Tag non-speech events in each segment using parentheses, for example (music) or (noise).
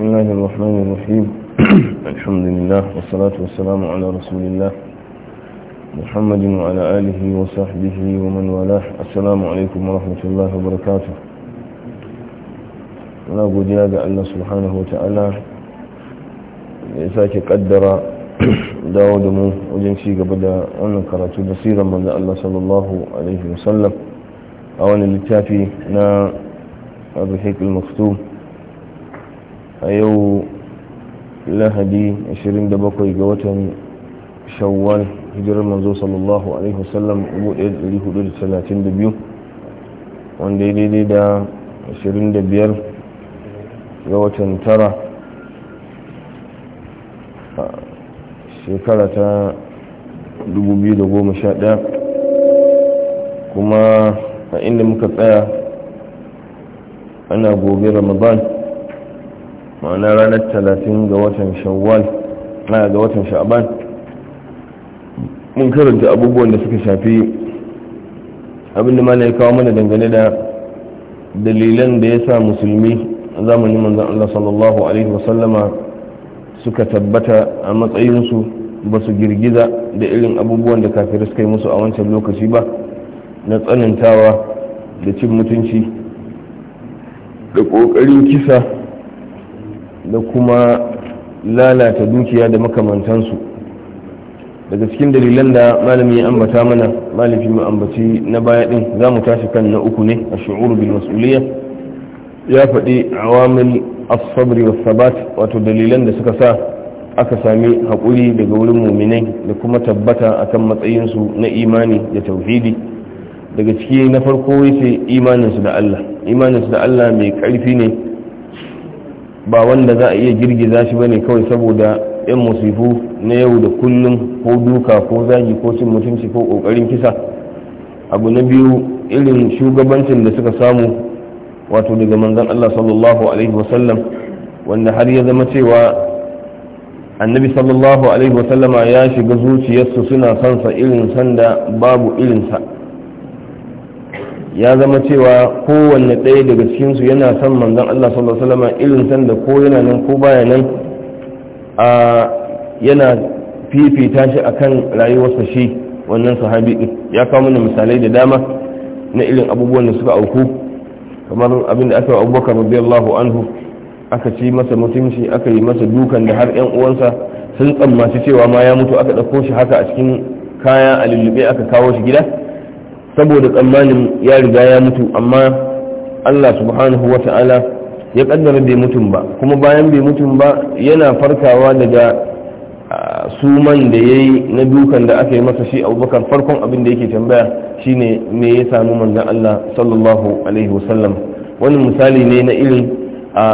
بسم الله الرحمن الرحيم (clears throat) الحمد لله والصلاة والسلام على رسول الله محمد وعلى آله وصحبه ومن والاه السلام عليكم ورحمة الله وبركاته muna godiya da Allah subhanahu wa ta'ala da ya sake kaddara dawo da mu wajen ci gaba da wannan karatu da siran manzo Allah sallallahu a wani littafi na Abu Hikil a yau lahadi 27 ga watan shawwal hijirar manzo sallallahu alaihi wasallam 1432 wanda ya daidai da 25 ga watan tara shekara ta 2011 kuma a inda muka tsaya ana gobe ramadan ma'ana ranar talatin ga watan shawwal na ga watan sha'aban mun karanta abubuwan da suka shafi abinda mana ya kawo mana dangane da dalilan da ya sa musulmi a zamanin manzan Allah sallallahu alaihi wasallama suka tabbata a matsayinsu ba su girgiza da irin abubuwan da kafir suka yi musu a wancan lokaci ba na tsanantawa da cin mutunci da ƙoƙarin kisa da kuma lalata dukiya da makamantansu daga cikin dalilan da malami ya ambata mana malami mu ambaci na baya din za mu tashi kan na uku ne a shu'uru bil mas'uliyya ya faɗi awamil as-sabr was sabat wato dalilan da suka sa aka sami haƙuri daga wurin muminai da kuma tabbata akan matsayinsu na imani da tauhidi daga ciki na farko yace imaninsu da Allah imaninsu da Allah mai ƙarfi ne ba wanda za a iya girgiza shi bane kawai saboda yan musifu na yau da kullum ko duka ko zagi ko cin mutunci ko kokarin kisa abu na biyu irin shugabancin da suka samu wato daga manzan Allah sallallahu alaihi wasallam wanda har ya zama cewa annabi sallallahu alaihi wasallama ya shiga zuciyarsu suna sansa irin sanda babu irinsa ya zama cewa kowanne ɗaya daga cikinsu yana son manzon Allah sallallahu alaihi wasallam irin san da ko yana nan ko baya nan a yana fifita shi akan rayuwarsa shi wannan sahabi din ya kawo mana misalai da dama na irin abubuwan da suka auku kamar abin da aka Abubakar radiyallahu anhu aka ci masa mutunci aka yi masa dukan da har 'yan uwansa sun tsammaci cewa ma ya mutu aka ɗauko shi haka a cikin kaya a aka kawo shi gida saboda tsammanin ya riga ya mutu amma Allah subhanahu wa ta'ala ya kaddara bai mutum ba kuma bayan bai mutum ba yana farkawa daga suman da ya yi na dukan da aka yi masa shi abubakar farkon abin da yake tambaya shine me ya samu manzan Allah sallallahu alaihi wasallam wani misali ne na irin a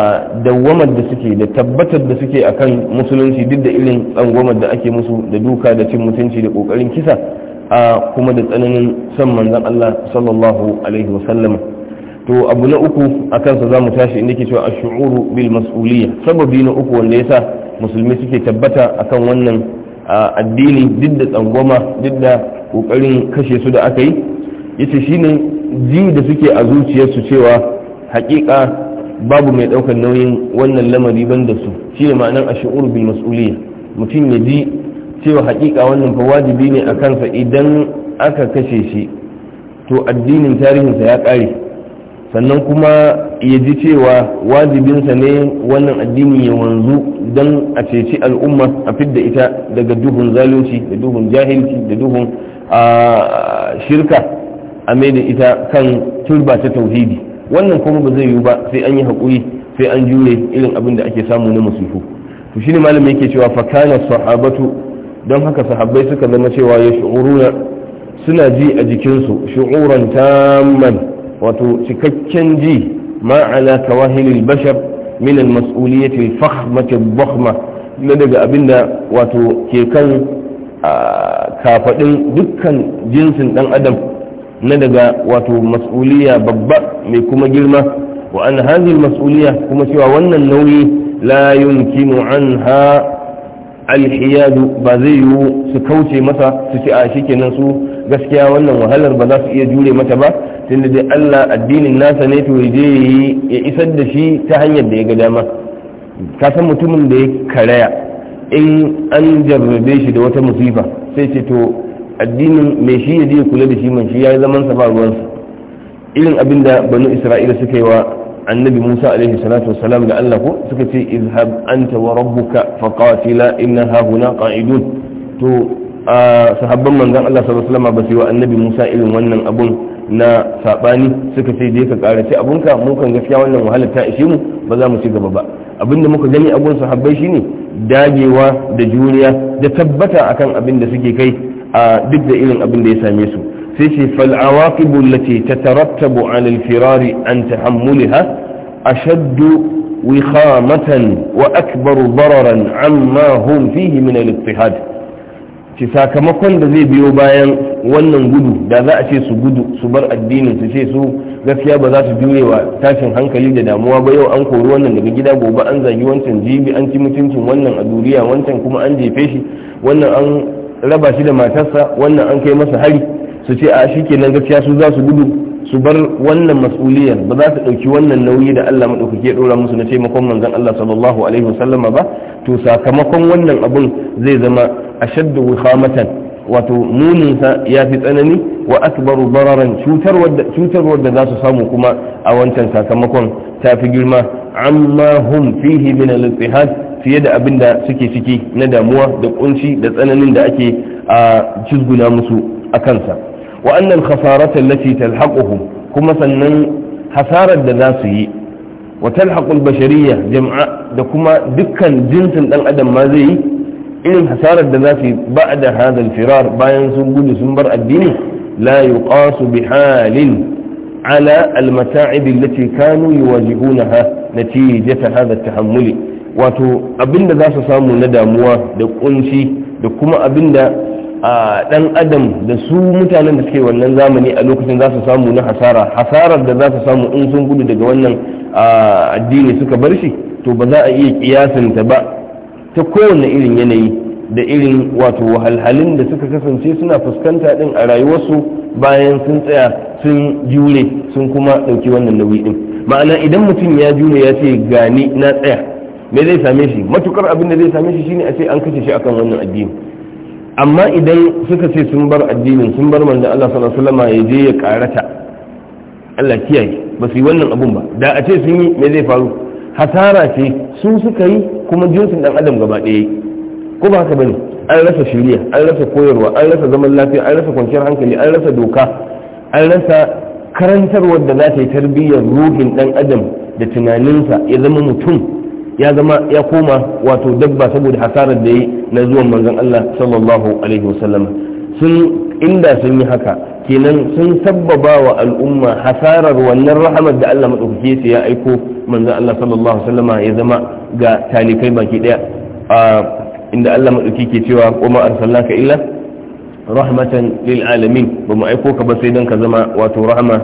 dawwamar da suke da tabbatar da suke akan musulunci duk da irin tsangwamar da ake musu da duka da cin mutunci da kokarin kisa a kuma da tsananin son manzon Allah sallallahu alaihi wasallam to abu na uku a kansa za mu tashi inda ke cewa a shu'uru bil mas'uliyya sababi na uku wanda yasa musulmi suke tabbata akan wannan addini duk da tsangwama duk da kokarin kashe su da aka yi yace shine ji da suke a zuciyarsu cewa hakika babu mai daukar nauyin wannan lamari ban da su shine ma'anar a shu'uru bil mas'uliyya mutum ya ji cewa hakika wannan fa wajibi ne a kansa idan aka kashe shi to addinin tarihinsa ya kare sannan kuma ya ji cewa wajibinsa ne wannan addini ya wanzu don a ceci al'umma a fidda ita daga duhun zalunci da duhun jahilci da duhun shirka a da ita kan turba ta tauhidi wannan kuma ba zai yiwu ba sai an yi hakuri sai an jure irin abin da ake samu na masifu to shine malamin yake cewa fakana kana sahabatu don haka sahabbai suka zama cewa ya shu'uruna suna ji a jikinsu shu'uran tamman wato cikakken ji ma'ala kawahilil bashar min al-mas'uliyyati al-fakhmati na daga abinda wato ke kan kafadin dukkan jinsin dan adam na daga wato mas'uliya babba mai kuma girma wa an hadhihi al-mas'uliyya kuma cewa wannan nauyi la yumkinu anha alhiyadu ba zai yiwu su kauce masa su ci a nan su gaskiya wannan wahalar ba za su iya jure mata ba tunda dai Allah addinin nasa ne to je ya isar da shi ta hanyar da ya ga dama ka san mutumin da ya karaya in an jarrabe shi da wata musifa sai ce to addinin mai shi ya je kula da shi man shi ya yi zaman sa ba ruwansa irin abinda da banu isra'ila suka yi wa annabi Musa alaihi salatu wassalam da Allah ko suka ce izhab anta wa rabbuka faqatila inna hahuna qa'idun to sahabban manzon Allah sallallahu alaihi wasallam ba su wa annabi Musa irin wannan abun na sabani suka ce je ka karace abunka mu kan gaskiya wannan wahalar ta ishe mu ba za mu ci gaba ba abinda muka gani abun sahabbai shine dagewa da juriya da tabbata akan abin da suke kai a duk da irin abin da ya same su sai ce fal'awaƙibu ta tarattabu an alfirari an a shaddu wikhamatan wa akbaru bararan amma hum fihi min al-ittihad ci sakamakon da zai biyo bayan wannan gudu da za a ce su gudu su bar addinin su ce su gaskiya ba za su juye wa tashin hankali da damuwa ba yau an kori wannan daga gida gobe an zagi wancan jibi an ci mutuncin wannan a duniya wancan kuma an jefe shi wannan an raba shi da matarsa wannan an kai masa hari su ce a shi kenan gaskiya su za su gudu su bar wannan mas'uliyar ba za su ɗauki wannan nauyi da Allah maɗaukaki ya ɗora musu na taimakon manzon Allah sallallahu alaihi wasallama ba to sakamakon wannan abun zai zama ashaddu wihamatan wato sa ya fi tsanani wa akbaru bararan cutarwar da za su samu kuma a wancan sakamakon ta fi girma amma hum fihi min al fiye da abin da suke ciki na damuwa da kunci da tsananin da ake a cizguna musu a kansa wa annal khasarata allati talhaquhum kuma sannan hasarar da za su yi wa talhaqul bashariyya jam'a da kuma dukkan jinsin dan adam ma zai yi irin hasarar da za su yi ba'da firar bayan sun gudu sun bar addinin la yuqasu bi halin على المتاعب التي كانوا يواجهونها نتيجة هذا التحمل wato abinda za su samu na damuwa da kunshi da kuma abinda a dan adam da su mutanen da suke wannan zamani a lokacin za su samu na hasara hasarar da za su samu in sun gudu daga wannan addini suka bar shi to ba za a iya kiyasanta ba ta kowane irin yanayi da irin wato wahalhalin da suka kasance suna fuskanta din a rayuwarsu bayan sun tsaya sun jure sun kuma dauki wannan nauyi din ma'ana idan mutum ya jure ya ce gani na tsaya me zai same shi matukar abin da zai same shi shine a ce an kashe shi akan wannan addini amma idan suka ce sun bar addinin sun bar manzon Allah sallallahu alaihi wasallam ya je ya karata Allah kiyaye ba su yi wannan abun ba da a ce sun yi me zai faru hasara ce su suka yi kuma jinsin dan adam gaba ɗaya ko ba haka bane an rasa shiriya an rasa koyarwa an rasa zaman lafiya an rasa kwanciyar hankali an rasa doka an rasa karantarwar da za ta yi tarbiyyar ruhin dan adam da tunaninsa ya zama mutum ya zama ya koma wato dabba saboda hasarar da yi na zuwan manzon Allah sallallahu alaihi wasallam sun inda sun yi haka kenan sun sabbaba wa al'umma hasarar wannan rahamar da Allah madaukake sai ya aiko manzon Allah sallallahu alaihi wasallama ya zama ga talikai baki daya inda Allah madaukake ke cewa kuma arsalnaka illa rahmatan lil alamin bamu aiko ka ba sai dan ka zama wato rahama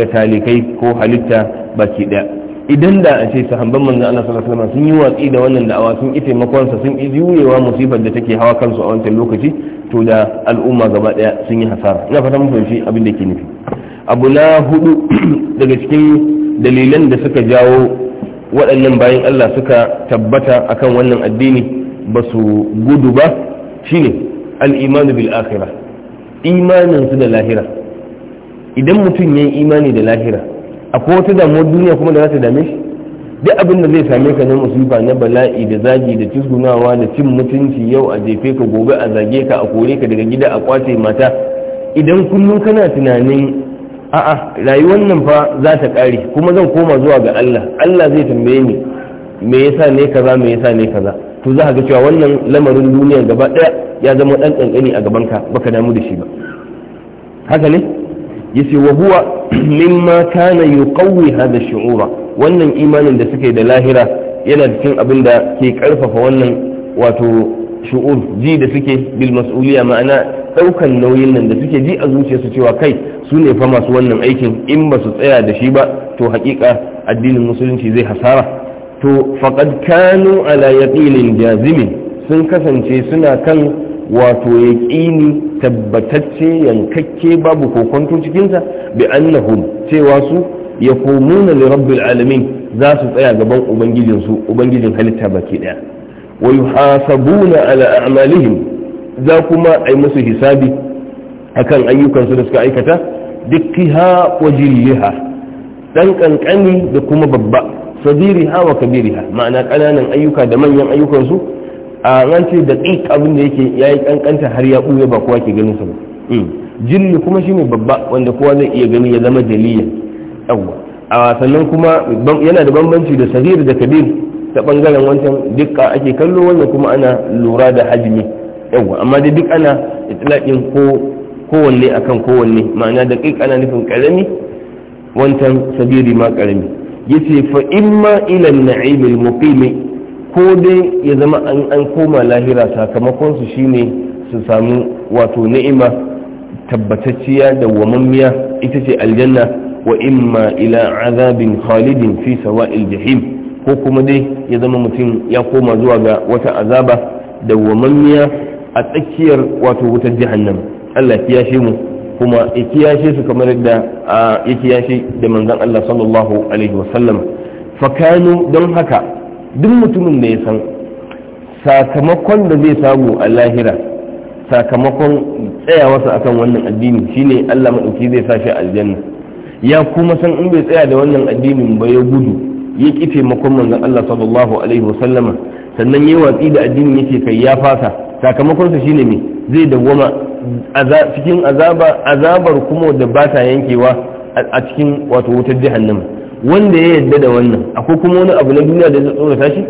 ga talikai ko halitta baki daya idan da a ce sahabban manzon Allah sallallahu alaihi sun yi watsi da wannan da'awa sun yi taimakon sa sun yi juyewa musibar da take hawa kansu a wancan lokaci to da al'umma gaba daya sun yi hasara ina fata mun fahimci abin da ke nufi abu na hudu (clears throat) daga cikin dalilan da suka jawo waɗannan bayan Allah suka tabbata akan wannan addini ba su gudu ba shine al-imanu bil akhirah imanin su da lahira idan mutum ya yi imani da lahira akwai wata damuwar duniya kuma da za ta dame shi duk abin da zai same ka na musifa na bala'i da zagi da cizgunawa da cin mutunci yau a jefe ka gobe a zage ka a kore ka daga gida a kwace mata idan kullum kana tunanin a'a rayuwar nan fa za ta kare kuma zan koma zuwa ga Allah Allah zai tambaye ni me yasa ne kaza me yasa ne kaza to za ka ga cewa wannan lamarin duniya gaba daya ya zama dan kankani a gaban ka baka damu da shi ba haka ne yace wa huwa (clears throat) mimma kana yuqawwi hada shu'ura wannan imanin da suke da lahira yana cikin abin da ke karfafa wannan wato shu'ur ji da suke bil ma'ana daukan nauyin nan da suke ji a zuciyarsu cewa kai su ne fa masu wannan aikin in ba su tsaya da shi ba to hakika addinin musulunci zai hasara to faqad kanu ala yaqinin jazimin sun kasance suna kan wato ya ƙini tabbatacce yankakke babu kokonto cikinsa bi annahum cewa su ya komuna da rabbil alamin za su tsaya gaban ubangijinsu ubangijin halitta baki daya wa yuhasabuna ala a'malihim za kuma ai musu hisabi akan ayyukansu da suka aikata ha wa jilliha ɗan ƙanƙani da kuma babba sadiriha wa kabiriha ma'ana ƙananan ayyuka da manyan ayyukansu a rance da tsik abin da yake ya yi kankanta har ya ɓuya ba kowa ke ganin sa ba mm. kuma kuma shine babba wanda kowa zai iya gani ya zama jaliya yawwa a sannan kuma yana da bambanci da sarir da kabir ta bangaren wancan dukka ake kallo wannan kuma ana lura da hajmi yawwa amma dai duk ana itlaqin ko kowanne akan kowanne ma'ana da kik ana nufin karami wancan sabiri ma karami yace fa imma ila na'imil muqimi ko dai ya zama an koma lahira sakamakon su shine su samu wato ni'ima tabbatacciya da wamammiya ita ce aljanna wa imma ila azabin khalidin fi sawa'il jahim ko kuma dai ya zama mutum ya koma zuwa ga wata azaba da wamammiya a tsakiyar wato wutar jahannam Allah ya kiyashe mu kuma ya kiyashe su kamar yadda ya kiyashe da manzon Allah sallallahu alaihi wasallam fakanu don haka duk mutumin da ya san sakamakon da zai samu a lahira sakamakon tsayawarsa akan wannan addini shine Allah maɗauki zai sa shi aljanna ya kuma san in bai tsaya da wannan addinin ba ya gudu ya kife taimakon manzan Allah sallallahu alaihi wasallama sannan ya watsi da addinin yake kai ya fasa sakamakonsa shine me zai dawwama cikin azaba azabar kuma da ba ta yankewa a cikin wato wutar jahannama wanda ya yadda da wannan akwai kuma wani abu na duniya da zai tsorata shi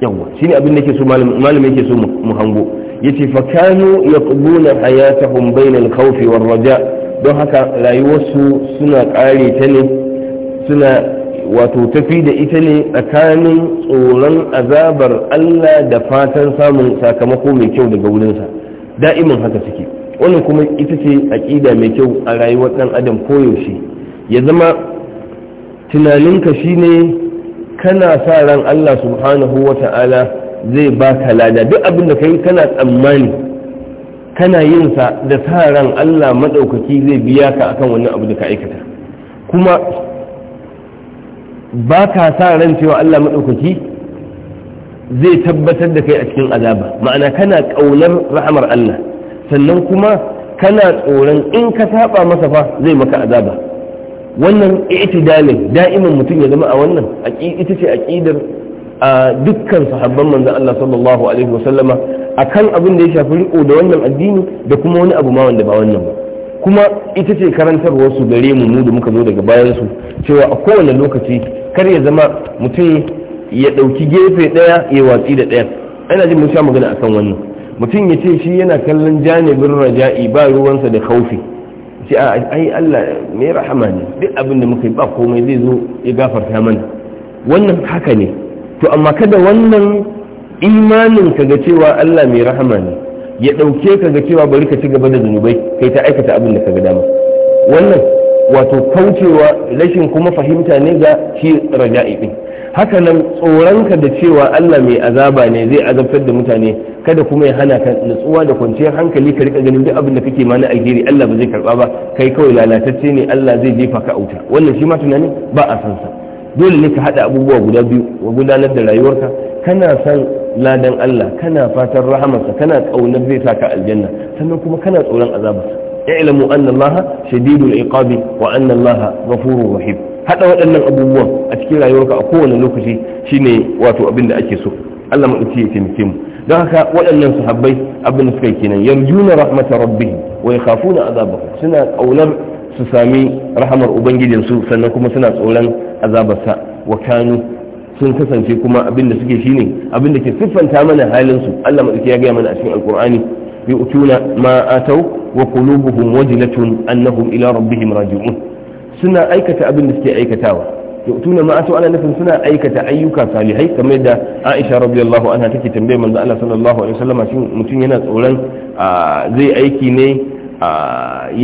yawa shine abin da ke so malamin ke so mu hango ce fa kano ya hayatahum haya al-khawf war raja don haka rayuwarsu suna kare ta ne suna wato tafi da ita ne tsakanin tsoron azabar Allah da fatan samun sakamako mai kyau daga wurinsa da'imin haka suke wannan kuma ita ce aƙida mai kyau a rayuwar ɗan adam koyaushe ya zama tunaninka shi ne kana sa ran Allah subhanahu wa ta'ala zai ba ka lada duk abin da kai kana tsammani kana yin sa da sa ran Allah madaukaki zai biya ka akan wannan abu da ka aikata kuma ba ka sa ran cewa Allah madaukaki zai tabbatar da kai a cikin azaba ma'ana kana kaunar rahamar Allah sannan kuma kana tsoron in ka saba masa fa zai maka azaba wannan i'tidalin da'iman mutum ya zama a wannan ita ce aqidar a dukkan sahabban manzo Allah sallallahu alaihi wasallama akan abin da ya shafi riko da wannan addini da kuma wani abu ma wanda ba wannan ba kuma ita ce karantarwar su gare mu mu da muka zo daga bayan su cewa a kowane lokaci kar ya zama mutum ya dauki gefe daya ya watsi da daya ana jin mun sha magana akan wannan mutum ya ce shi yana kallon janibin raja'i ba ruwansa da kaufi ce a ai Allah mai rahama ne duk abin da muka yi ba komai zai zo ya gafarta mana wannan haka ne to amma kada wannan imanin ka ga cewa Allah mai rahama ne ya dauke ka ga cewa bari ka ci gaba da zunubai kai ta aikata abin da ka ga dama wannan wato kaucewa rashin kuma fahimta ne ga shi raja'i din haka nan tsoronka da cewa Allah mai azaba ne zai azabtar da mutane kada kuma ya hana ka nutsuwa da kwanciyar hankali ka rika ganin duk abin da kake ma na alheri Allah ba zai karba ba kai kawai lalatacce ne Allah zai jefa ka auta wannan shi ma tunanin ba a san sa dole ne ka hada abubuwa guda biyu wa gudanar da rayuwarka kana san ladan Allah kana fatan rahamarsa kana kaunar zai saka aljanna sannan kuma kana tsoron azabarsa ya ilmu annallaha shadidul iqabi wa annallaha Allah ghafurur rahim hada waɗannan abubuwan a cikin rayuwarka a kowane lokaci shine wato abin da ake so Allah maɗauki ya taimake mu don haka waɗannan sahabbai abin da suka yi kenan yarjuna rahmatar rabbi wa yakhafuna azabahu suna kaunar su sami rahamar ubangijinsu sannan kuma suna tsoron azabarsa wa kanu sun kasance kuma abin da suke shine abin da ke siffanta mana halin su Allah madauki ya gaya mana a cikin alqur'ani yu'tuna ma atau wa qulubuhum wajilatun annahum ila rabbihim raji'un suna aikata abin da suke aikatawa yu'tuna ma atu ana nufin suna aikata ayyuka salihai kamar yadda Aisha radiyallahu anha take tambaye manzo Allah sallallahu alaihi wasallam shin mutum yana tsoron zai aiki ne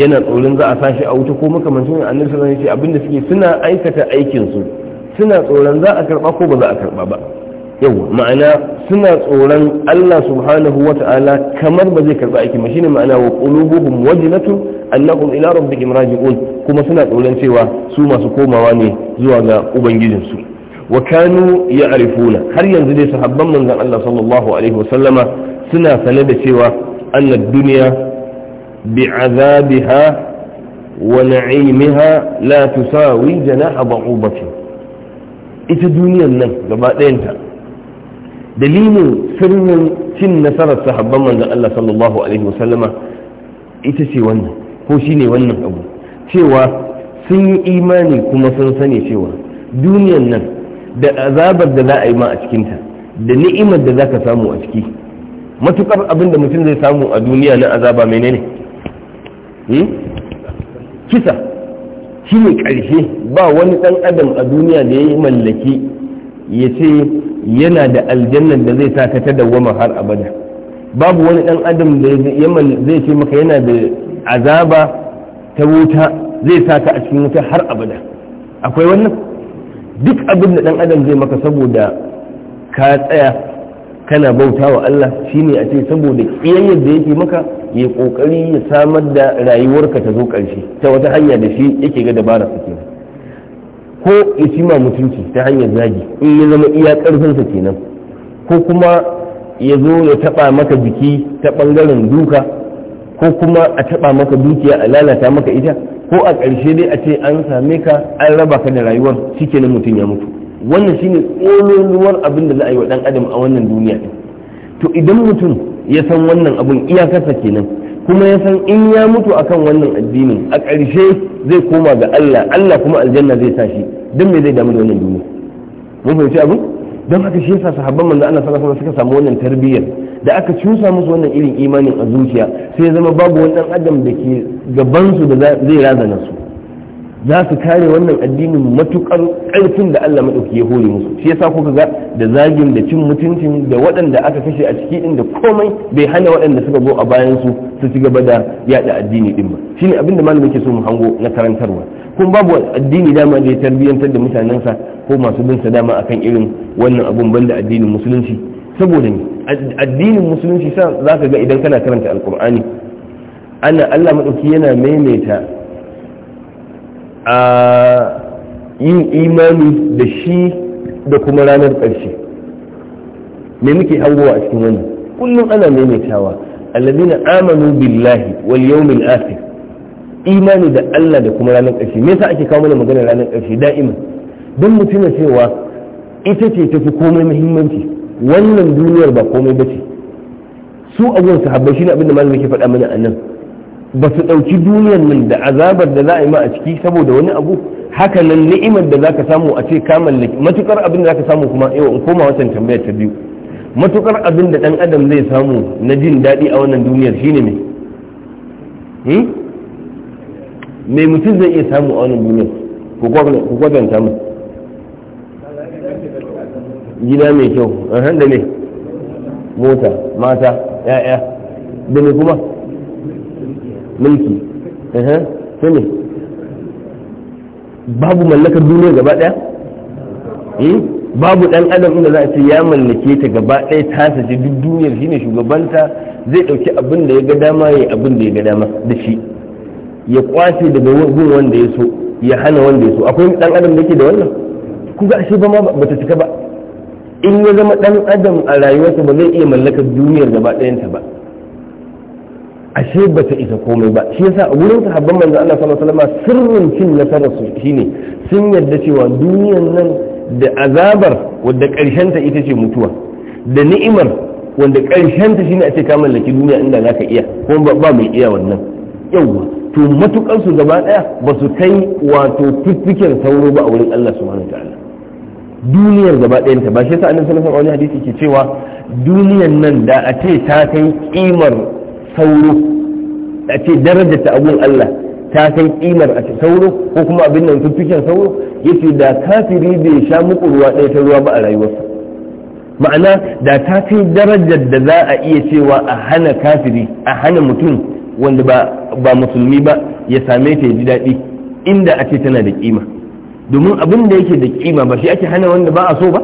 yana tsoron za a sashi a wuta ko makamancin annabi sallallahu alaihi wasallam ya ce abin da suke suna aikata aikin su suna tsoron za a karba ko ba za a karba ba yau ma'ana suna tsoron Allah subhanahu wa ta'ala kamar ba zai karba aiki ba shine ma'ana wa qulubuhum wajlatun annahum ila rabbihim raji'un kuma suna tsoron cewa su masu komawa ne zuwa ga ubangijinsu wa kanu ya'rifuna har yanzu dai sahabban manzon Allah sallallahu alaihi wa sallama suna sane da cewa anna duniya bi'azabiha wa na'imiha la tusawi janaha ba'ubati ita duniyar nan gaba ɗayanta dalilin sirrin cin nasarar sahabban manzon Allah sallallahu alaihi wasallama ita ce wannan ko shine wannan abu cewa sun yi imani kuma sun sani cewa duniyar nan da azabar da za a yi ma a cikinta da ni'imar da za ka samu a ciki matukar abin da mutum zai samu a duniya na azaba menene hmm? kisa shi ne ƙarshe ba wani ɗan adam a duniya da ya yi mallaki ya ce yana da aljannan da zai sa ta dawwama har abada babu wani dan adam da zai ce maka yana da azaba ta wuta zai sa a cikin wuta har abada akwai wannan duk abin da dan adam zai maka saboda ka tsaya kana bauta wa Allah shine a ce saboda kiyayyar da yake maka ya kokari ya samar da rayuwarka ta zo karshe ta wata hanya da shi yake ga dabara kenan ko ya ci ma mutunci ta hanyar zagi in ya zama iya ƙarfinsa kenan ko kuma ya zo ya taɓa maka jiki ta ɓangaren duka ko kuma a taɓa maka dukiya a lalata maka ita ko a ƙarshe dai a ce an same ka an raba ka da rayuwar cike na mutum ya mutu wannan shine tsololuwar abin da za a yi wa ɗan adam a wannan duniya to idan mutum ya san wannan abun iyakarsa kenan kuma ya san in ya mutu akan wannan addinin a ƙarshe zai koma ga Allah Allah kuma aljanna zai sa shi don me zai damu da wannan duniya mun fahimci abu? don haka shi yasa sahabban manzo Allah sallallahu alaihi suka samu wannan tarbiyyar da aka cusa musu wannan irin imanin a zuciya sai ya zama babu wani dan adam da ke gaban su da zai razana su za su kare wannan addinin matukar ƙarfin da Allah maɗauki ya hore musu shi yasa kuka ga da zagin da cin mutuncin da waɗanda aka kashe a ciki din da komai bai hana waɗanda suka zo a bayan su su ci gaba da yaɗa addini din ba shine abin da malamin ke so mu hango na karantarwa kun babu addini dama da ya tarbiyyantar da sa ko masu bin sa dama akan irin wannan abun banda addinin musulunci saboda ne addinin musulunci sa zaka ga idan kana karanta alkur'ani ana Allah maɗauki yana maimaita a yin imani da shi da kuma ranar ƙarshe me muke hangowa a cikin wannan kullum ana maimaitawa na amanu billahi wal yawmil akhir imani da Allah da kuma ranar ƙarshe me yasa ake kawo mana maganar ranar ƙarshe da'ima don mutuna cewa ita ce tafi komai muhimmanci wannan duniyar ba komai bace su abun sahabbai shine abin da malamin yake faɗa mana a nan ba su ɗauki duniyar nan da azabar da za a yi ma a ciki saboda wani abu haka nan ni'imar da za ka samu a ce ka mallaki matukar abin da za ka samu kuma yau in koma wancan tambayar ta biyu matukar abin da ɗan adam zai samu na jin daɗi a wannan duniyar shine ne mai hmm? mutum zai iya samu a wannan duniyar ku kwatanta mu gida mai kyau handa eh, ne mota mata 'ya'ya da ne kuma mulki sai ne babu mallakar duniya gaba daya eh, babu dan adam inda za a ce ya mallake ta gaba daya ta sace duk duniyar shine shugabanta zai dauki abin da ya ga dama ya abin da ya ga dama da shi ya kwace daga gun wanda ya so ya hana wanda ya so akwai dan adam da ke da wannan ku ga ashe ba ma ba ta cika ba in ya zama dan adam a rayuwarsa ba zai iya mallakar duniyar gaba ta ba ashe ba ta isa komai ba shi yasa a gurin sahabban manzo Allah sallallahu alaihi wasallam sirrin cin nasarar su shine sun yarda cewa duniyan nan da azabar wanda karshen ta ita ce mutuwa da ni'imar wanda karshen ta shine a ce ka mallaki duniya inda zaka iya ko ba mai iya wannan yawa to matukar su gaba daya ba su kai wato fiffiken sauro ba a wurin Allah subhanahu ta'ala duniyar gaba ta ba shi yasa annabi sallallahu alaihi wasallam a wani hadisi ke cewa duniyan nan da a ce ta kai kimar sauro a ce darajar ta abin Allah ta kai kimar a sauro ko kuma abin nan fiffiken sauro yace da kafiri bai sha muku ruwa ɗaya ta ruwa ba a rayuwarsa ma'ana da ta kai darajar da za a iya cewa a hana kafiri a hana mutum wanda ba musulmi ba ya same ta ya ji daɗi inda a ce tana da kima domin abin da yake da kima ba shi ake hana wanda ba a so ba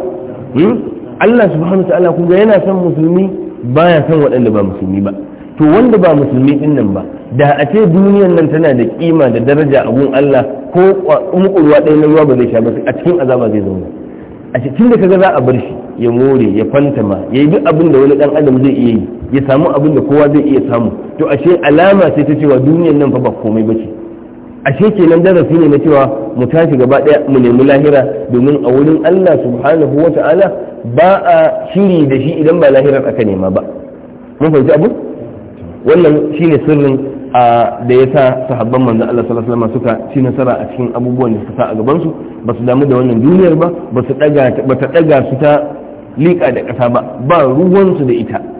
hmm? Allah subhanahu wa ta'ala kuma yana son musulmi baya son waɗanda ba musulmi ba to wanda ba musulmi din nan ba da a ce duniyar nan tana da kima da daraja a gun Allah ko mukurwa ɗaya na ruwa ba zai sha ba a cikin azaba zai zauna a cikin da kaga za a bar shi ya more ya fanta ya yi duk abin da wani dan adam zai iya yi ya samu abin da kowa zai iya samu to ashe alama sai ta cewa duniyar nan fa ba komai ba ce ashe kenan darasi ne na cewa mu tashi gaba ɗaya, mu nemi lahira domin a wurin Allah subhanahu wa ta'ala ba a shiri da shi idan ba lahirar aka nema ba mun fahimci abu wannan shine sirrin da ya sa sahabban manzo Allah sallallahu alaihi wasallam suka ci nasara a cikin abubuwan da suka sa a gaban su ba su damu da wannan duniyar ba ba su daga ba ta daga su ta liƙa da ƙasa ba ba ruwansu da ita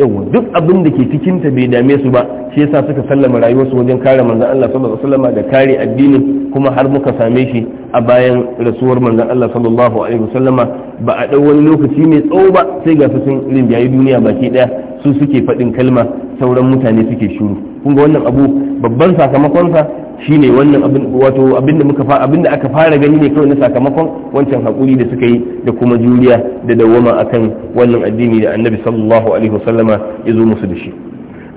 yawa duk abin da ke cikin ta bai dame su ba shi yasa suka sallama rayuwarsu wajen kare manzon Allah sallallahu alaihi wasallam da kare addinin kuma har muka same shi a bayan rasuwar manzon Allah sallallahu alaihi wasallam ba a dau wani lokaci mai tsawo ba sai ga su sun duniya baki daya su suke faɗin kalma sauran mutane suke shiru kun ga wannan abu babban sakamakon sakamakonsa shine wannan abin wato abin da aka fara gani ne kawai na sakamakon wancan hakuri da suka yi da kuma juriya da dawwama akan wannan addini da annabi sallallahu alaihi wasallama ya zo musu da shi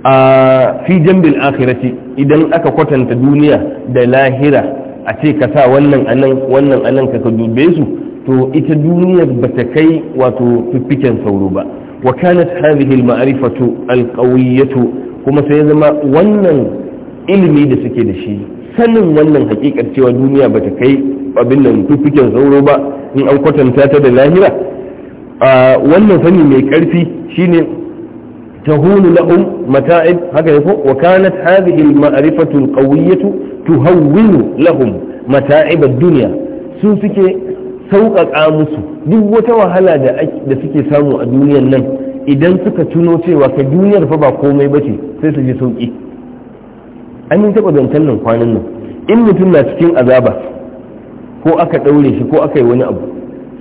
a fi jambil akhirati idan aka kwatanta duniya da lahira a ce ka sa wannan anan wannan anan ka dube su to ita duniyar ba ta kai wato fiffiken sauro ba wa kanat hadhihi al-ma'rifatu al-qawiyyatu kuma sai zama wannan ilimi da suke da shi sanin wannan hakikar cewa duniya bata kai abin nan tufikin sauro ba in an kwatanta ta da lahira a wannan sani mai karfi shine tahunu lahum mata'ib haka ne ko wa kanat hadhihi al-ma'rifatu al-qawiyyatu tuhawwinu lahum mata'ib ad-dunya su suke sauƙaƙa musu duk wata wahala da suke samu a duniyar nan idan suka tuno cewa ka duniyar fa ba komai bace sai su ji sauƙi an yi taɓa zantar nan kwanan nan in mutum na cikin azaba ko aka ɗaure shi ko aka yi wani abu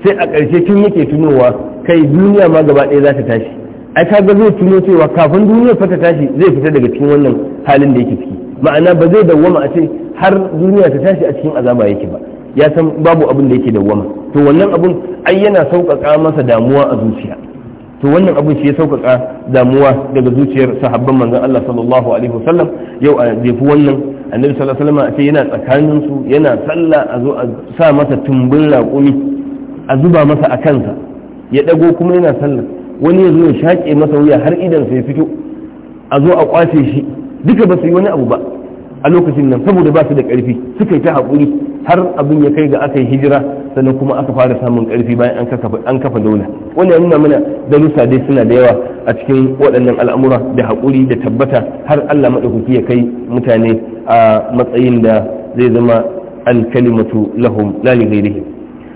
sai a ƙarshe tun yake tunowa kai duniya ma gaba ɗaya za ta tashi ai ga zai tuno cewa kafin duniya fa ta tashi zai fita daga cikin wannan halin da yake ciki ma'ana ba zai dawwama a ce har duniya ta tashi a cikin azaba yake ba ya san babu abin da yake dawwama to wannan abun ai yana sauƙaƙa masa damuwa a zuciya to wannan abin shi ya sauƙaƙa damuwa daga zuciyar sahabban manzon Allah sallallahu alaihi wasallam yau a jefu wannan annabi sallallahu alaihi wasallam a ce yana tsakanin su yana sallah a zo a sa masa tumbin raƙumi a zuba masa a kansa ya dago kuma yana sallah wani ya zo ya shaƙe masa wuya har idan sai fito a zo a kwace shi duka ba su yi wani abu ba a lokacin nan saboda ba su da karfi suka yi ta haƙuri har abin ya kai ga aka yi hijira sannan kuma aka fara samun karfi bayan an kafa an kafa daula wannan nuna mana darussa dai suna da yawa a cikin waɗannan al'amura da haƙuri da tabbata har Allah madaukaki ya kai mutane a matsayin da zai zama alkalimatu lahum la li ghairihi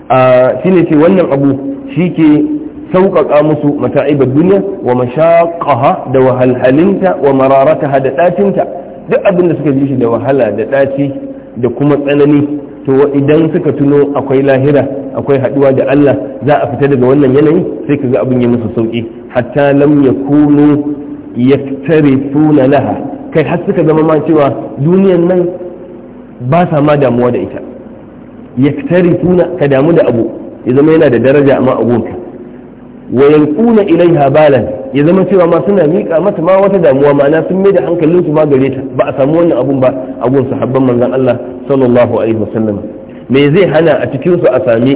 a shine ce wannan abu shike sauƙaƙa musu mata'ibar duniya wa mashaƙaha da wahalhalinta wa mararataha da ɗacinta duk abin da suka ji shi da wahala da ɗaci da kuma tsanani to idan suka tuno akwai lahira akwai haɗuwa da Allah za a fita daga wannan yanayi sai ka ga abin ya musu sauki hatta lam yakunu yaktarifuna laha kai har suka zama ma cewa duniyan nan ba sa ma damuwa da ita yaktarifuna ka damu da abu ya zama yana da daraja amma abunka wa yalquna ilaiha balan ya zama cewa ma suna miƙa mata ma wata damuwa mana sun mai da hankalin su ma gare ta ba a samu wannan abun ba a gun sahabban manzon Allah sallallahu alaihi wasallam me zai hana a cikin su a sami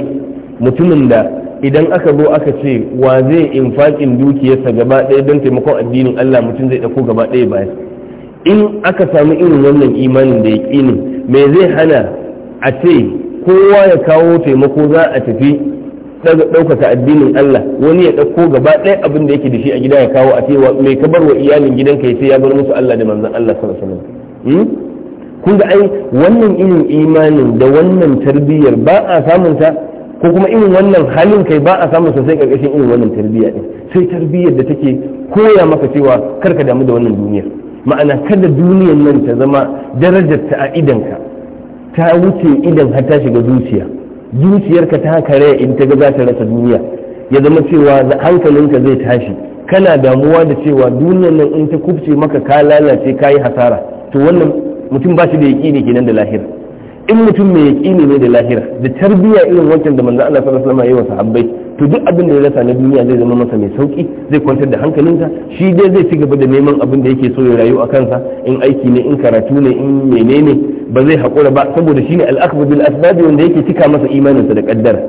mutumin da idan aka zo aka ce wa zai infakin dukiyarsa gaba ɗaya don taimakon addinin Allah mutum zai ɗauko gaba ɗaya bayan in aka samu irin wannan imanin da ya ƙinin me zai hana a ce kowa ya kawo taimako za a tafi ɗaukaka addinin Allah wani ya ɗauko gaba ɗaya abin da yake da shi a gida ya kawo a cewa mai ka bar wa iyalin gidanka ya ce ya bar musu Allah da manzon Allah sallallahu alaihi wasallam hmm? kun ga ai wannan irin imanin da wannan tarbiyyar ba a samun ta ko kuma irin wannan halin kai ba a samun sa sai karkashin irin wannan tarbiyya din sai tarbiyyar da take koya maka cewa kar ka damu da wannan duniyar ma'ana kada duniyar nan ta zama darajar ta a idanka ta wuce idan har ta shiga zuciya zuciyarka ta kare in ta ga za ta rasa duniya ya zama cewa hankalinka zai tashi kana damuwa da cewa duniyar nan in ta kubce maka ka lalace ka yi hasara to wannan mutum ba shi da yaƙi ke kenan da lahira in mutum mai yaƙi ne da lahira da tarbiyya irin wancan da manzo Allah sallallahu alaihi wasallam ya sahabbai to duk abin da ya rasa na duniya zai zama masa mai sauki zai kwantar da hankalinsa shi dai zai ci gaba da neman abin da yake so ya rayu a kansa in aiki ne in karatu ne in menene ba zai haƙura ba saboda shine al'akhdhu bil asbab wanda yake cika masa imaninsa da kaddara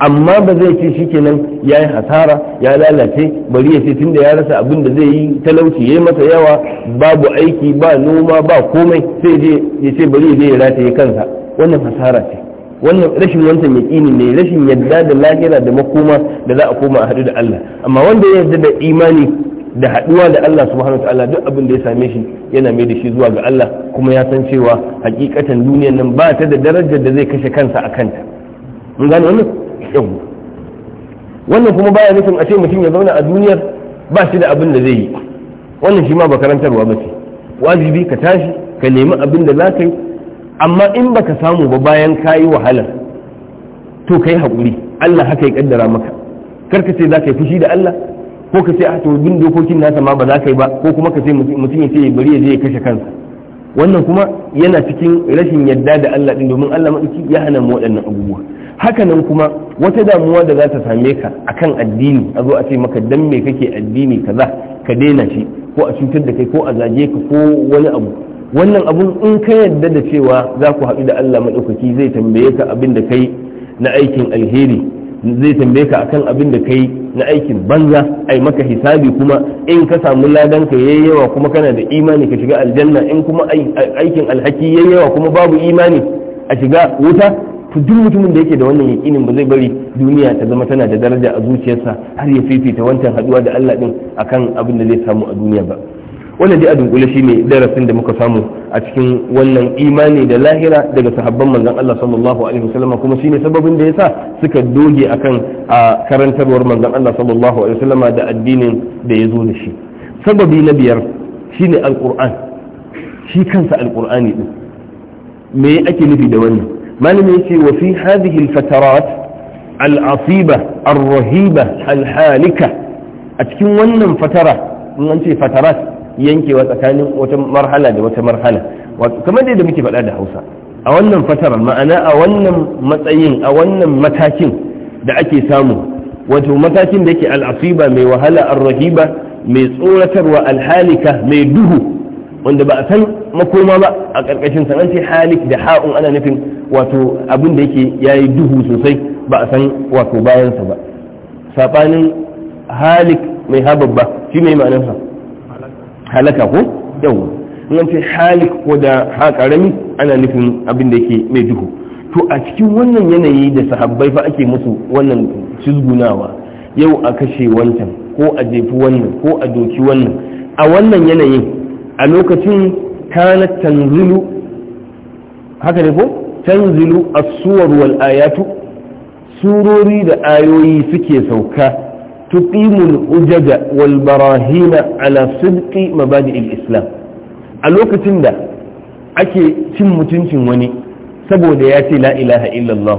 amma ba zai ce shikenan ya yi hasara ya lalace bari ya ce tunda ya rasa abin da zai yi talauci ya yi masa yawa babu aiki ba noma ba komai sai je ya ce bari ya je ya rataye kansa wannan hasara ce wannan rashin wancan yaƙini ne rashin yadda da lahira da makoma da za a koma a haɗu da Allah amma wanda ya yarda da imani da haɗuwa da Allah subhanahu ta'ala duk abin da ya same shi yana mai da shi zuwa ga Allah kuma ya san cewa hakikatan duniyar nan ba ta da darajar da zai kashe kansa a kanta mun gane wannan yau wannan kuma baya nufin a ce mutum ya zauna a duniyar ba shi da abin da zai yi wannan shi ma ba karantarwa ba ce wajibi ka tashi ka nemi abin da za ka yi amma in baka samu ba bayan ka yi wahala to kai hakuri haƙuri Allah haka ya kaddara maka karka ce za ka yi fushi da Allah ko ka ce a ah, to bin dokokin nasa ma ba za ka yi ba ko kuma ka ce mutum ya ce bari ya je ya kashe kansa wannan kuma yana cikin rashin yadda da Allah din domin Allah madauki ya hana mu waɗannan abubuwa haka nan kuma wata damuwa da za ta same ka akan addini a zo a ce maka dan me kake addini kaza ka daina shi ko a cutar da kai ko a zage ka ko wani abu wannan abun in ka yadda da cewa za ku haɗu da Allah maɗaukaki zai tambaye ka abin da kai na aikin alheri zai tambaye ka akan abin da kai na aikin banza ai maka hisabi kuma in ka samu ladan ka yayi yawa kuma kana da imani ka shiga aljanna in kuma aikin alhaki yayi yawa kuma babu imani a shiga wuta to duk mutumin da yake da wannan yakinin ba zai bari duniya ta zama tana da daraja a zuciyarsa har ya fifita wancan haduwa da Allah din akan abin da zai samu a duniya ba wannan dai a dunkule shi ne darasin da muka samu a cikin wannan imani da lahira daga sahabban manzon Allah sallallahu alaihi wasallam kuma ne sababin da yasa suka doge akan a karantarwar manzon Allah sallallahu alaihi wasallam da addinin da ya zo da shi sababi na biyar shine alquran shi kansa alqurani din me ake nufi da wannan malami yace wa fi hadhihi alfatarat al'asiba ar-rahiba al-halika a cikin wannan fatara in an ce fatarat yankewa tsakanin wata marhala da wata marhala kamar dai da muke faɗa da hausa a wannan fatar ma'ana a wannan matsayin a wannan matakin da ake samu wato matakin da yake al'asiba mai wahala arrahiba mai tsoratarwa alhalika mai duhu wanda ba a san makoma ba a ƙarƙashin san an ce halik da ha'un ana nufin wato abin da yake yayi duhu sosai ba a san wato bayansa ba saɓanin halik mai hababba shi mai ma'anarsa halaka ko yau in ce halik ko da ha karami ana nufin abin da yake mai duhu to a cikin wannan yanayi da sahabbai fa ake musu wannan cizgunawa yau a kashe wancan ko a jefi wannan ko a doki wannan a wannan yanayin a lokacin kana tanzilu haka ne ko tanzilu as-suwar wal ayatu surori da ayoyi suke sauka تقيم الحجج والبراهين على صدق مبادئ الإسلام a lokacin da ake cin mutuncin wani saboda ya ce la ilaha illallah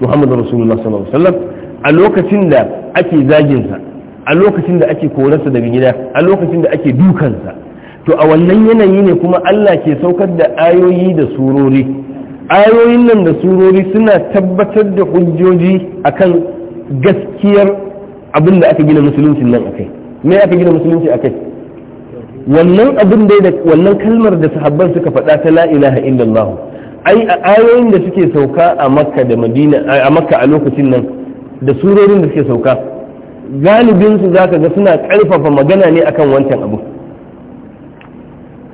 muhammadu rasulullah sallallahu alaihi wasallam a lokacin da ake zaginsa a lokacin da ake korarsa daga gida a lokacin da ake dukansa to a wannan yanayi ne kuma Allah ke saukar da ayoyi da surori ayoyin nan da surori suna tabbatar da hujjoji akan gaskiyar abin da aka gina musuluncin nan akai me aka gina musulunci akai wannan abin da wannan kalmar da sahabban suka faɗa ta la ilaha illallah ai a ayoyin da suke sauka a makka da madina a makka a lokacin nan da surorin da suke sauka galibin su zaka ga suna karfafa magana ne akan wancan abu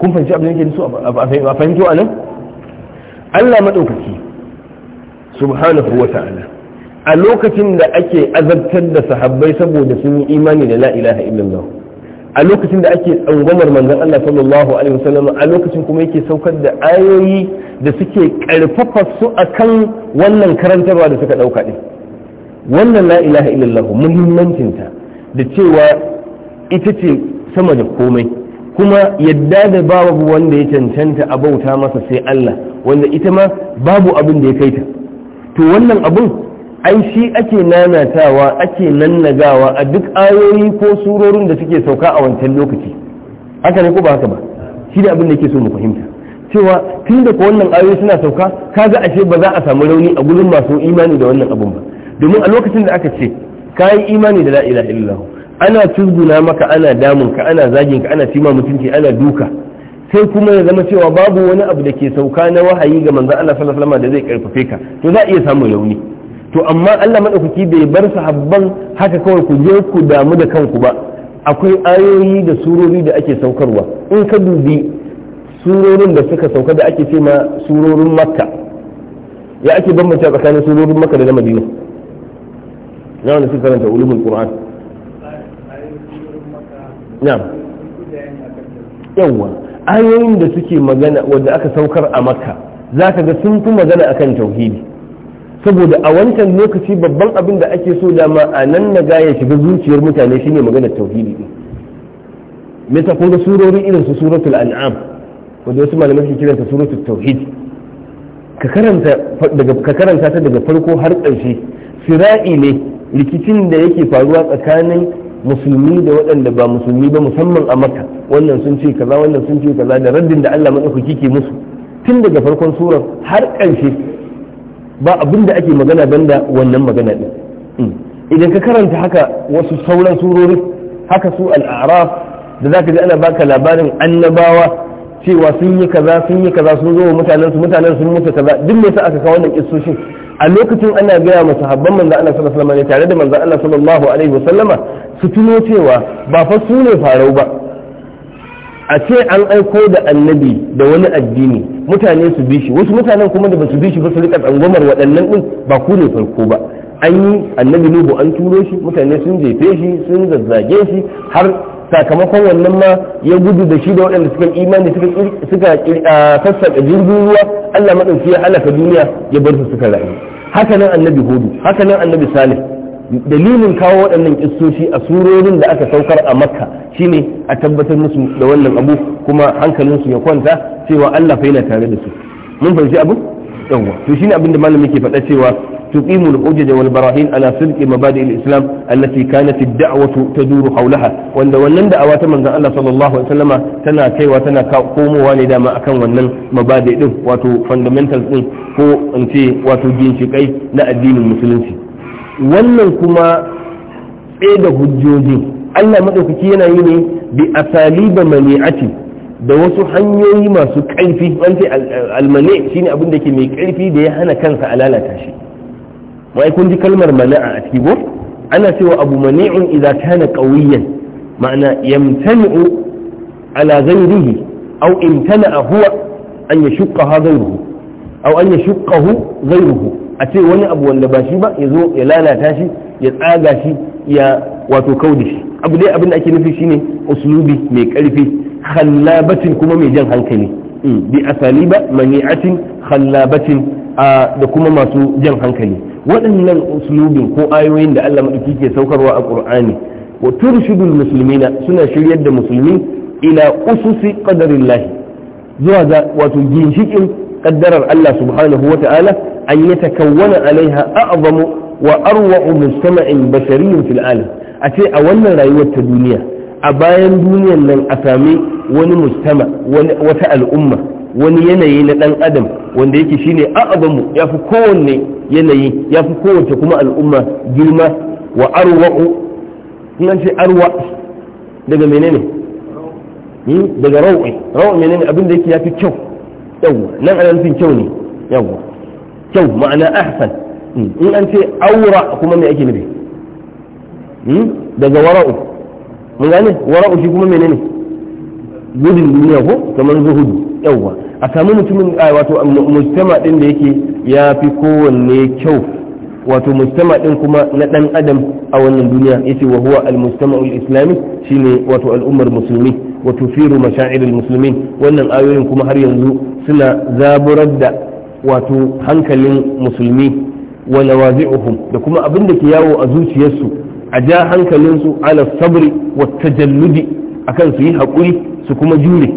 kun fahimci abin da yake so a fahimto a nan Allah madaukaki subhanahu wa ta'ala a lokacin da ake azabtar da sahabbai saboda sun yi imani da la ilaha illallah a lokacin da ake tsangwamar manzon Allah sallallahu alaihi wasallam a lokacin kuma yake saukar da ayoyi da suke karfafa su akan wannan karantarwa da suka dauka din wannan la ilaha illallah muhimmancinta da cewa ita ce sama da komai kuma yadda da babu wanda ya cancanta a bauta masa sai Allah wanda ita ma babu abin da ya kaita to wannan abun ai shi ake nanatawa ake nannagawa a duk ayoyi ko surorin da suke sauka a wancan lokaci haka ne ko ba haka ba shi da abin da ke so mu fahimta cewa tun da wannan ayoyi suna sauka kaga ashe ba za a samu rauni a gurin masu imani da wannan abun ba domin a lokacin da aka ce kayi imani da la ilaha illallah ana tuzguna maka ana damun ka ana zagin ka ana cima mutunci ana duka sai kuma ya zama cewa babu wani abu da ke sauka na wahayi ga manzon Allah sallallahu alaihi wasallam da zai karfafe ka to za a iya samun rauni to amma Allah madaukaki bai bar sahabban haka kawai ku je ku damu da kanku ba akwai ayoyi da surori da ake saukarwa in ka dubi surorin da suka sauka da ake ce ma surorin makka ya ake bambanta tsakanin surorin makka da na madina na wanda suka karanta ulumul qur'an na'am yawa ayoyin da suke magana wanda aka saukar a makka zaka ga sun fi magana akan tauhidi saboda a wancan lokaci babban abin da ake so dama a nan na ga ya shiga zuciyar mutane shine maganar tauhidi din me ta kuma surori irin su suratul an'am wanda wasu malamai ke kiranta suratul tauhid ka karanta ta daga farko har ƙarshe sira'i ne rikicin da yake faruwa tsakanin musulmi da waɗanda ba musulmi ba musamman a makka wannan sun ce kaza wannan sun ce kaza da raddin da allah madaukaki ke musu tun daga farkon surar har ƙarshe ba abin da ake magana banda wannan magana din hmm. idan ka karanta haka wasu sauran surori haka su al'araf da zaka ji ana baka labarin annabawa cewa sun yi kaza sun yi kaza sun zo wa mutanen su mutanen sun mutu kaza duk me sa aka kawo wannan kissoshin a lokacin ana gaya wa sahabban manzo Allah sallallahu alaihi wasallam tare da manzo Allah sallallahu alaihi wasallama su tuno cewa ba fa su ne farau ba a ce an aiko da annabi da wani addini mutane su bi shi wasu mutanen kuma da ba su bi shi ba su rika tsangwamar waɗannan ɗin ba ku ne farko ba an yi annabi nuhu an turo shi mutane sun jefe shi sun zazzage shi har sakamakon wannan ma ya gudu da shi da waɗanda suka imani suka sassaƙa jirgin ruwa Allah maɗauki ya halaka duniya ya bar su suka rayu haka nan annabi hudu haka nan annabi salih dalilin kawo waɗannan kistoci a surorin da aka saukar a makka shine a tabbatar musu da wannan abu kuma hankalinsu ya kwanta cewa allah fa yana tare da su mun fahimci abu yawwa to shine abin da malami ke faɗa cewa tuqimul ujja wal barahin ana sidqi mabadi al islam allati kanat ad da'watu taduru hawlaha wanda wannan da'awa ta manzon allah sallallahu alaihi wasallama tana kaiwa tana komowa ne dama akan wannan mabadi din wato fundamentals din ko ance ce wato ginshikai na addinin musulunci wannan kuma tsaye da hujjoji Allah maɗaukaki yana yi ne bi asali da mani'ati da wasu hanyoyi masu ƙarfi wanda almane shine abin da ke mai ƙarfi da ya hana kansa a lalata shi wai kun ji kalmar mana'a a ciki ana cewa abu mani'un idan kana ƙauyen. ma'ana yamtani'u ala ghayrihi aw imtana'a huwa an yashqa ghayruhu aw an yashqahu a ce wani abu wanda ba shi ba ya zo ya lalata shi ya tsaga shi ya wato kaudi shi abu dai abin da ake nufi shine uslubi mai karfi khallabatin kuma mai jan hankali mm, bi ba mani'atin khallabatin da kuma masu jan hankali waɗannan uslubin ko ayoyin da Allah madauki ke saukarwa a Qur'ani wa turshidul muslimina suna shiryar da musulmi ila ususi qadarillah zuwa wato ginshikin kaddarar Allah subhanahu wa ta'ala an ya takawwana alaiha a'zamu wa arwa'u mustama'in bashariyyin fil alam a ce a wannan rayuwar ta duniya a bayan duniyar nan a sami wani mustama wata al'umma wani yanayi na dan adam wanda yake shine a'zamu yafi kowanne yanayi yafi kowace kuma al'umma girma ce arwa daga menene abin da yake yafi kyau yau nan ana nufin kyau ne yau kyau ma'ana ahsan hmm, in an ce aura kuma me ake nufi hmm, daga wara'u mun gane wara'u shi kuma menene gudun duniya ko kamar zuhudu yauwa a sami mutumin wato mujtama din da yake ya fi kowanne kyau wato mujtama din kuma na dan adam a wannan duniya yace wa huwa al-mujtama al-islami shine wato al'ummar musulmi wa tusiru mashairil musulmin wannan ayoyin kuma har yanzu suna zaburar da wato hankalin musulmi wa nawazi'uhum da kuma abin da ke yawo a zuciyarsu a ja hankalinsu ala sabri wa tajalludi akan su yi haƙuri su kuma jure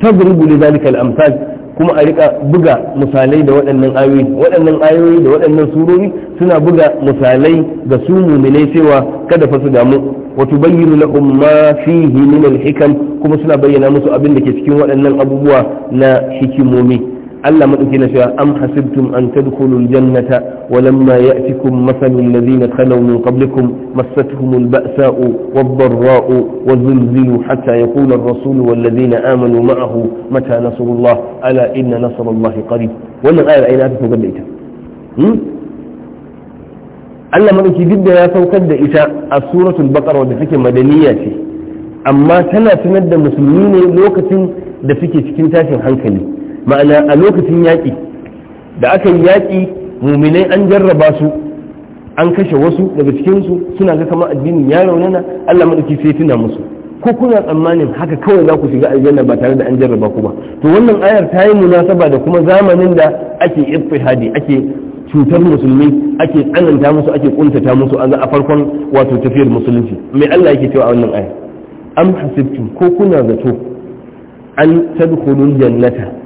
tadrubu li zalika al-amsal kuma a rika buga misalai da waɗannan ayoyi waɗannan ayoyi da waɗannan surori suna buga misalai ga su muminai cewa kada fa su damu wato bayyana lahum ma fihi min al-hikam kuma suna bayyana musu abin da ke cikin waɗannan abubuwa na hikimomi Allah madauki na cewa am hasibtum an tadkhulul jannata wa lamma ya'tikum mathalul ladina khalaw min qablikum massatuhumul ba'sa'u wad-dharra'u wazilzilu hatta yaqula ar-rasul wal ladina amanu ma'ahu mata nasrullah ala inna nasrallahi qarib wannan ayar aina ta saukar da ita Allah madauki duk da ya saukar da ita a suratul baqara wadda take madaniya ce amma tana tunar da musulmi ne lokacin da suke cikin tashin hankali ma'ana a lokacin yaƙi da aka yi yaƙi muminai an jarraba su an kashe wasu daga cikinsu suna ga kama addinin ya raunana Allah maɗauki sai tuna musu ko kuna tsammanin haka kawai za ku shiga aljanna ba tare da an jarraba ku ba to wannan ayar ta yi munasaba da kuma zamanin da ake ittihadi ake cutar musulmi ake tsananta musu ake kuntata musu a farkon wato tafiyar musulunci mai Allah yake cewa a wannan ayar am hasibtum ko kuna zato an tadkhulul jannata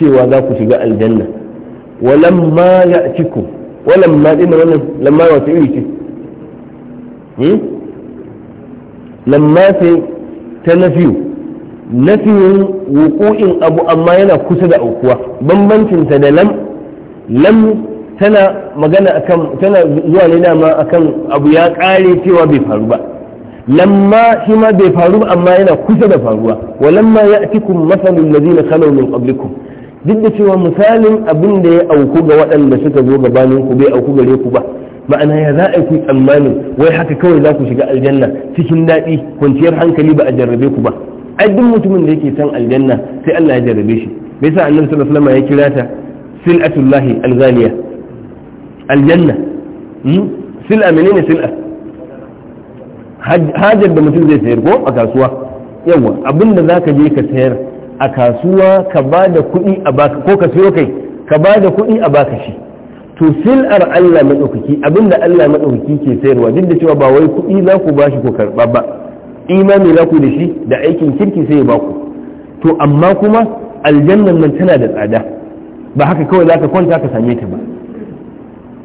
cewa za ku shiga aljanna walamma ya'tikum walamma da wannan lamma ya wata iri ce lamma sai ta nafiyu nafiyin wuku'in abu amma yana kusa da aukuwa bambancinta da lam lam tana magana akan tana zuwa ne dama akan abu ya kare cewa bai faru ba lamma shi ma bai faru ba amma yana kusa da faruwa walamma ya'tikum mathalul ladina khalaw min qablikum duk da cewa misalin abin da ya auku ga waɗanda suka zo gabanin ku bai auku gare ku ba ma'ana ya za a ku tsammanin wai haka kawai za ku shiga aljanna cikin daɗi kwanciyar hankali ba a jarrabe ku ba ai duk mutumin da yake son aljanna sai Allah ya jarrabe shi bai sa annabi sallallahu alaihi wasallam ya kira ta sil'atullahi alghaliya aljanna hmm? sil'a menene sil'a hajar da mutum zai sayar ko a kasuwa yawa abinda zaka je ka sayar a kasuwa ka ba da kuɗi a baka ko ka siyo kai ka ba da kuɗi a baka shi to sil'ar Allah maɗaukaki abinda Allah maɗaukaki ke sayarwa duk da cewa ba wai kuɗi za ku ba shi ko karɓa ba imani za ku da shi da aikin kirki sai ya ba ku to amma kuma aljannan nan tana da tsada ba haka kawai za ka kwanta ka same ta ba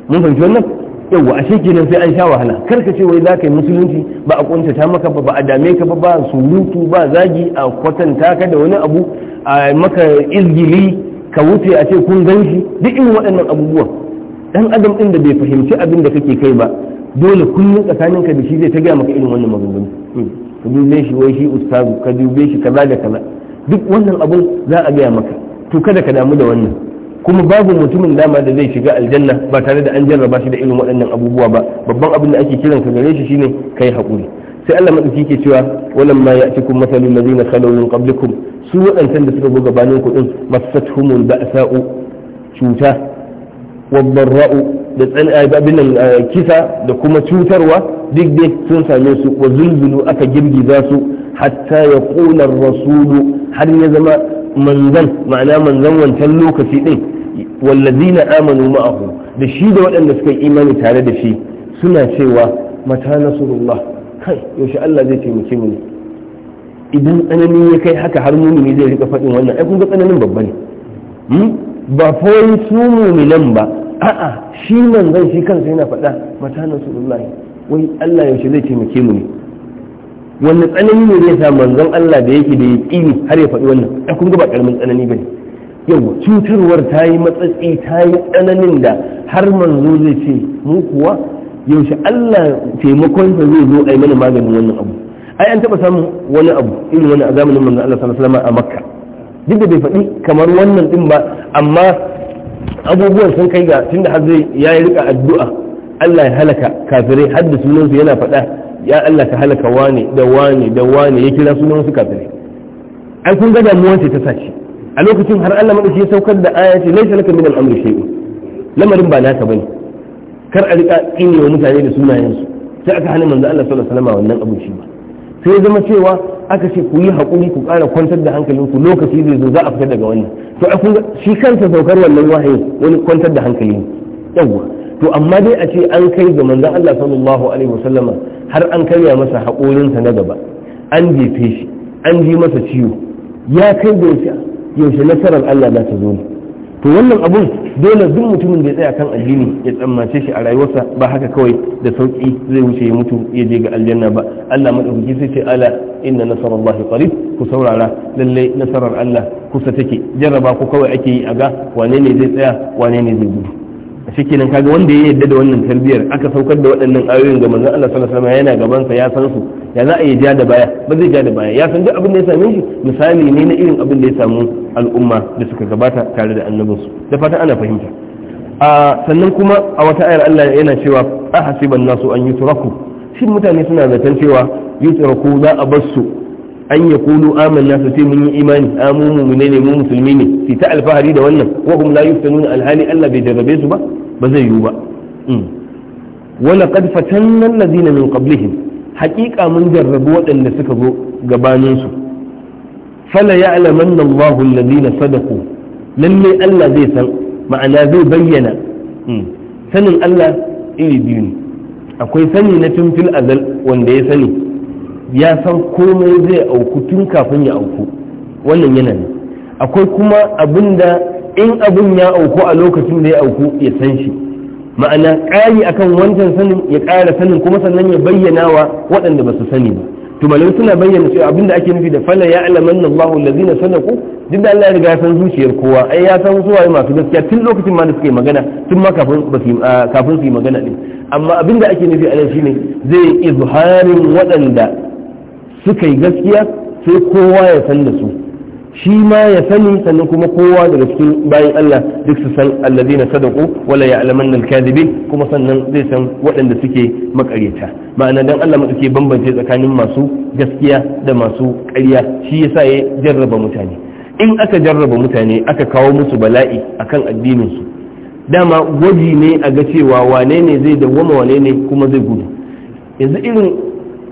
mun fahimci wannan yawwa ashe kenan sai an sha wahala kar ka ce wai za ka yi musulunci ba a ta maka ba ba a dame ka ba ba surutu ba zagi a kwatanta ka da wani abu a maka izgili ka wuce a ce kun gan shi duk irin waɗannan abubuwan dan adam ɗin da bai fahimci abin da kake kai ba dole kullum ka da shi zai ta gaya maka irin wannan maganganu hmm. ka dube shi wai shi ustazu ka dube shi kaza da kaza duk wannan abun za a gaya maka to kada ka damu da wannan kuma babu mutumin dama da zai shiga aljanna ba tare da an jarraba shi da irin waɗannan abubuwa ba babban abin da ake kiran ka gare shi shine kai haƙuri sai Allah madauki ke cewa walam ma ya'tikum mathalul ladina khalaw min qablikum su waɗancan da suka buga banin ku din masathumul ba'sa'u cuta wadarra'u da tsanabin eh, eh, kisa da kuma cutarwa duk dai sun same su wa zulzulu aka girgiza su hatta ya rasulu har ya zama manzan ma'ana manzan wancan lokaci din wallazina amanu ma'ahu da shi da waɗanda suka yi imani tare da shi suna cewa mata nasurullah kai yaushe Allah zai taimake mu idan tsanani ya kai haka har mumini zai rika faɗin wannan ai kun ga tsananin babba ne hmm? ba fawai su muminan ba a'a shi manzan shi kansa yana faɗa mata nasurullah wai Allah yaushe zai taimake mu ne wani tsanani ne zai sa manzon Allah da yake da yaƙini har ya faɗi wannan a kun ga ba karamin tsanani bane yau cutarwar ta yi matsatsi ta yi tsananin da har manzo zai ce mu kuwa yaushe Allah taimakon sa zai zo ai mana maganin wannan abu ai an taɓa samun wani abu irin wani a zamanin manzon Allah sallallahu alaihi wasallam a Makka duk da bai faɗi kamar wannan din ba amma abubuwan sun kai ga tunda har zai ya yi rika addu'a Allah ya halaka kafirai har da sunansu yana faɗa ya Allah ka halaka wane da wane da wane ya kira sunan su kafirai An kun ga damuwan ce ta sace a lokacin har Allah madauki ya saukar da aya ce laysa laka min al-amri shay'un lamarin ba naka bane kar a rika kine wa mutane da sunayen su sai aka hana manzo Allah sallallahu alaihi wasallam wannan abin shi ba sai zama cewa aka ce ku yi hakuri ku ƙara kwantar da hankalinku lokaci zai zo za a fita daga wannan to kun ga, shi kansa saukar wannan wahayin wani kwantar da hankali yawwa to amma dai a ce an kai ga manzon Allah sallallahu alaihi wasallama har an karya masa haƙorinsa na gaba an jefe shi an ji masa ciwo ya kai ga yaushe nasarar Allah za ta zo ne to wannan abun dole duk mutumin da ya tsaya kan addini ya tsammace shi a rayuwarsa ba haka kawai da sauki zai wuce ya mutu ya je ga aljanna ba Allah madauki sai ce ala inna nasarallahi qarib ku saurara lalle nasarar Allah kusa take jarraba ku kawai ake yi a ga wane ne zai tsaya wane ne zai gudu nan kaga wanda ya yadda da wannan tarbiyar aka saukar da waɗannan ayoyin ga manzon Allah sallallahu alaihi wasallam yana gaban sa ya san su ya za a yi ja da baya ba zai ja da baya ya san duk abin da ya same shi misali ne na irin abin da ya samu al'umma da suka gabata tare da annabinsu da fatan ana fahimta a sannan kuma a wata ayar Allah yana cewa ahasiban nasu an yi yutraku shin mutane suna zaton cewa yutraku za a bar su an ya kulu amanna su ce mun yi imani amu mu'mine ne mu musulmi ne su ta alfahari da wannan wa hum la yuftanuna alhali Allah bai jarrabe su ba ba zai yiwu ba mm. wa laqad fatanna allazina min qablihim haqiqa mun jarrabu waɗanda suka zo gabanin su fala ya'lamanna Allahu allazina sadaqu lalle Allah zai san ma'ana zai bayyana mm. sanin Allah iri biyu akwai sani na tun azal wanda ya sani ya san komai zai auku tun kafin ya auku wannan yana ne akwai kuma abin da in abin ya auku a lokacin da ya auku ya san shi ma'ana ƙari akan wancan sanin ya kara sanin kuma sannan ya bayyana wa waɗanda ba su sani ba to malamai suna bayyana cewa abin da ake nufi da fala ya alaman Allahu allazina sadaku duk da Allah ya riga san zuciyar kowa ai ya san zuwa waye masu gaskiya tun lokacin ma da suke magana tun ma kafin su kafin su yi magana din amma abin da ake nufi a nan shine zai izharin waɗanda suka yi gaskiya sai kowa ya san da su shi ma ya sani sannan kuma kowa daga cikin bayan Allah duk su san na sadaqu wala ya'laman al-kadhibin kuma sannan zai san waɗanda suke makaryata ma'ana dan Allah mu suke bambance tsakanin masu gaskiya da masu ƙarya shi yasa ya jarraba mutane in aka jarraba mutane aka kawo musu bala'i akan addinin su dama gwaji ne a ga cewa wane ne zai dawwama wane ne kuma zai gudu yanzu irin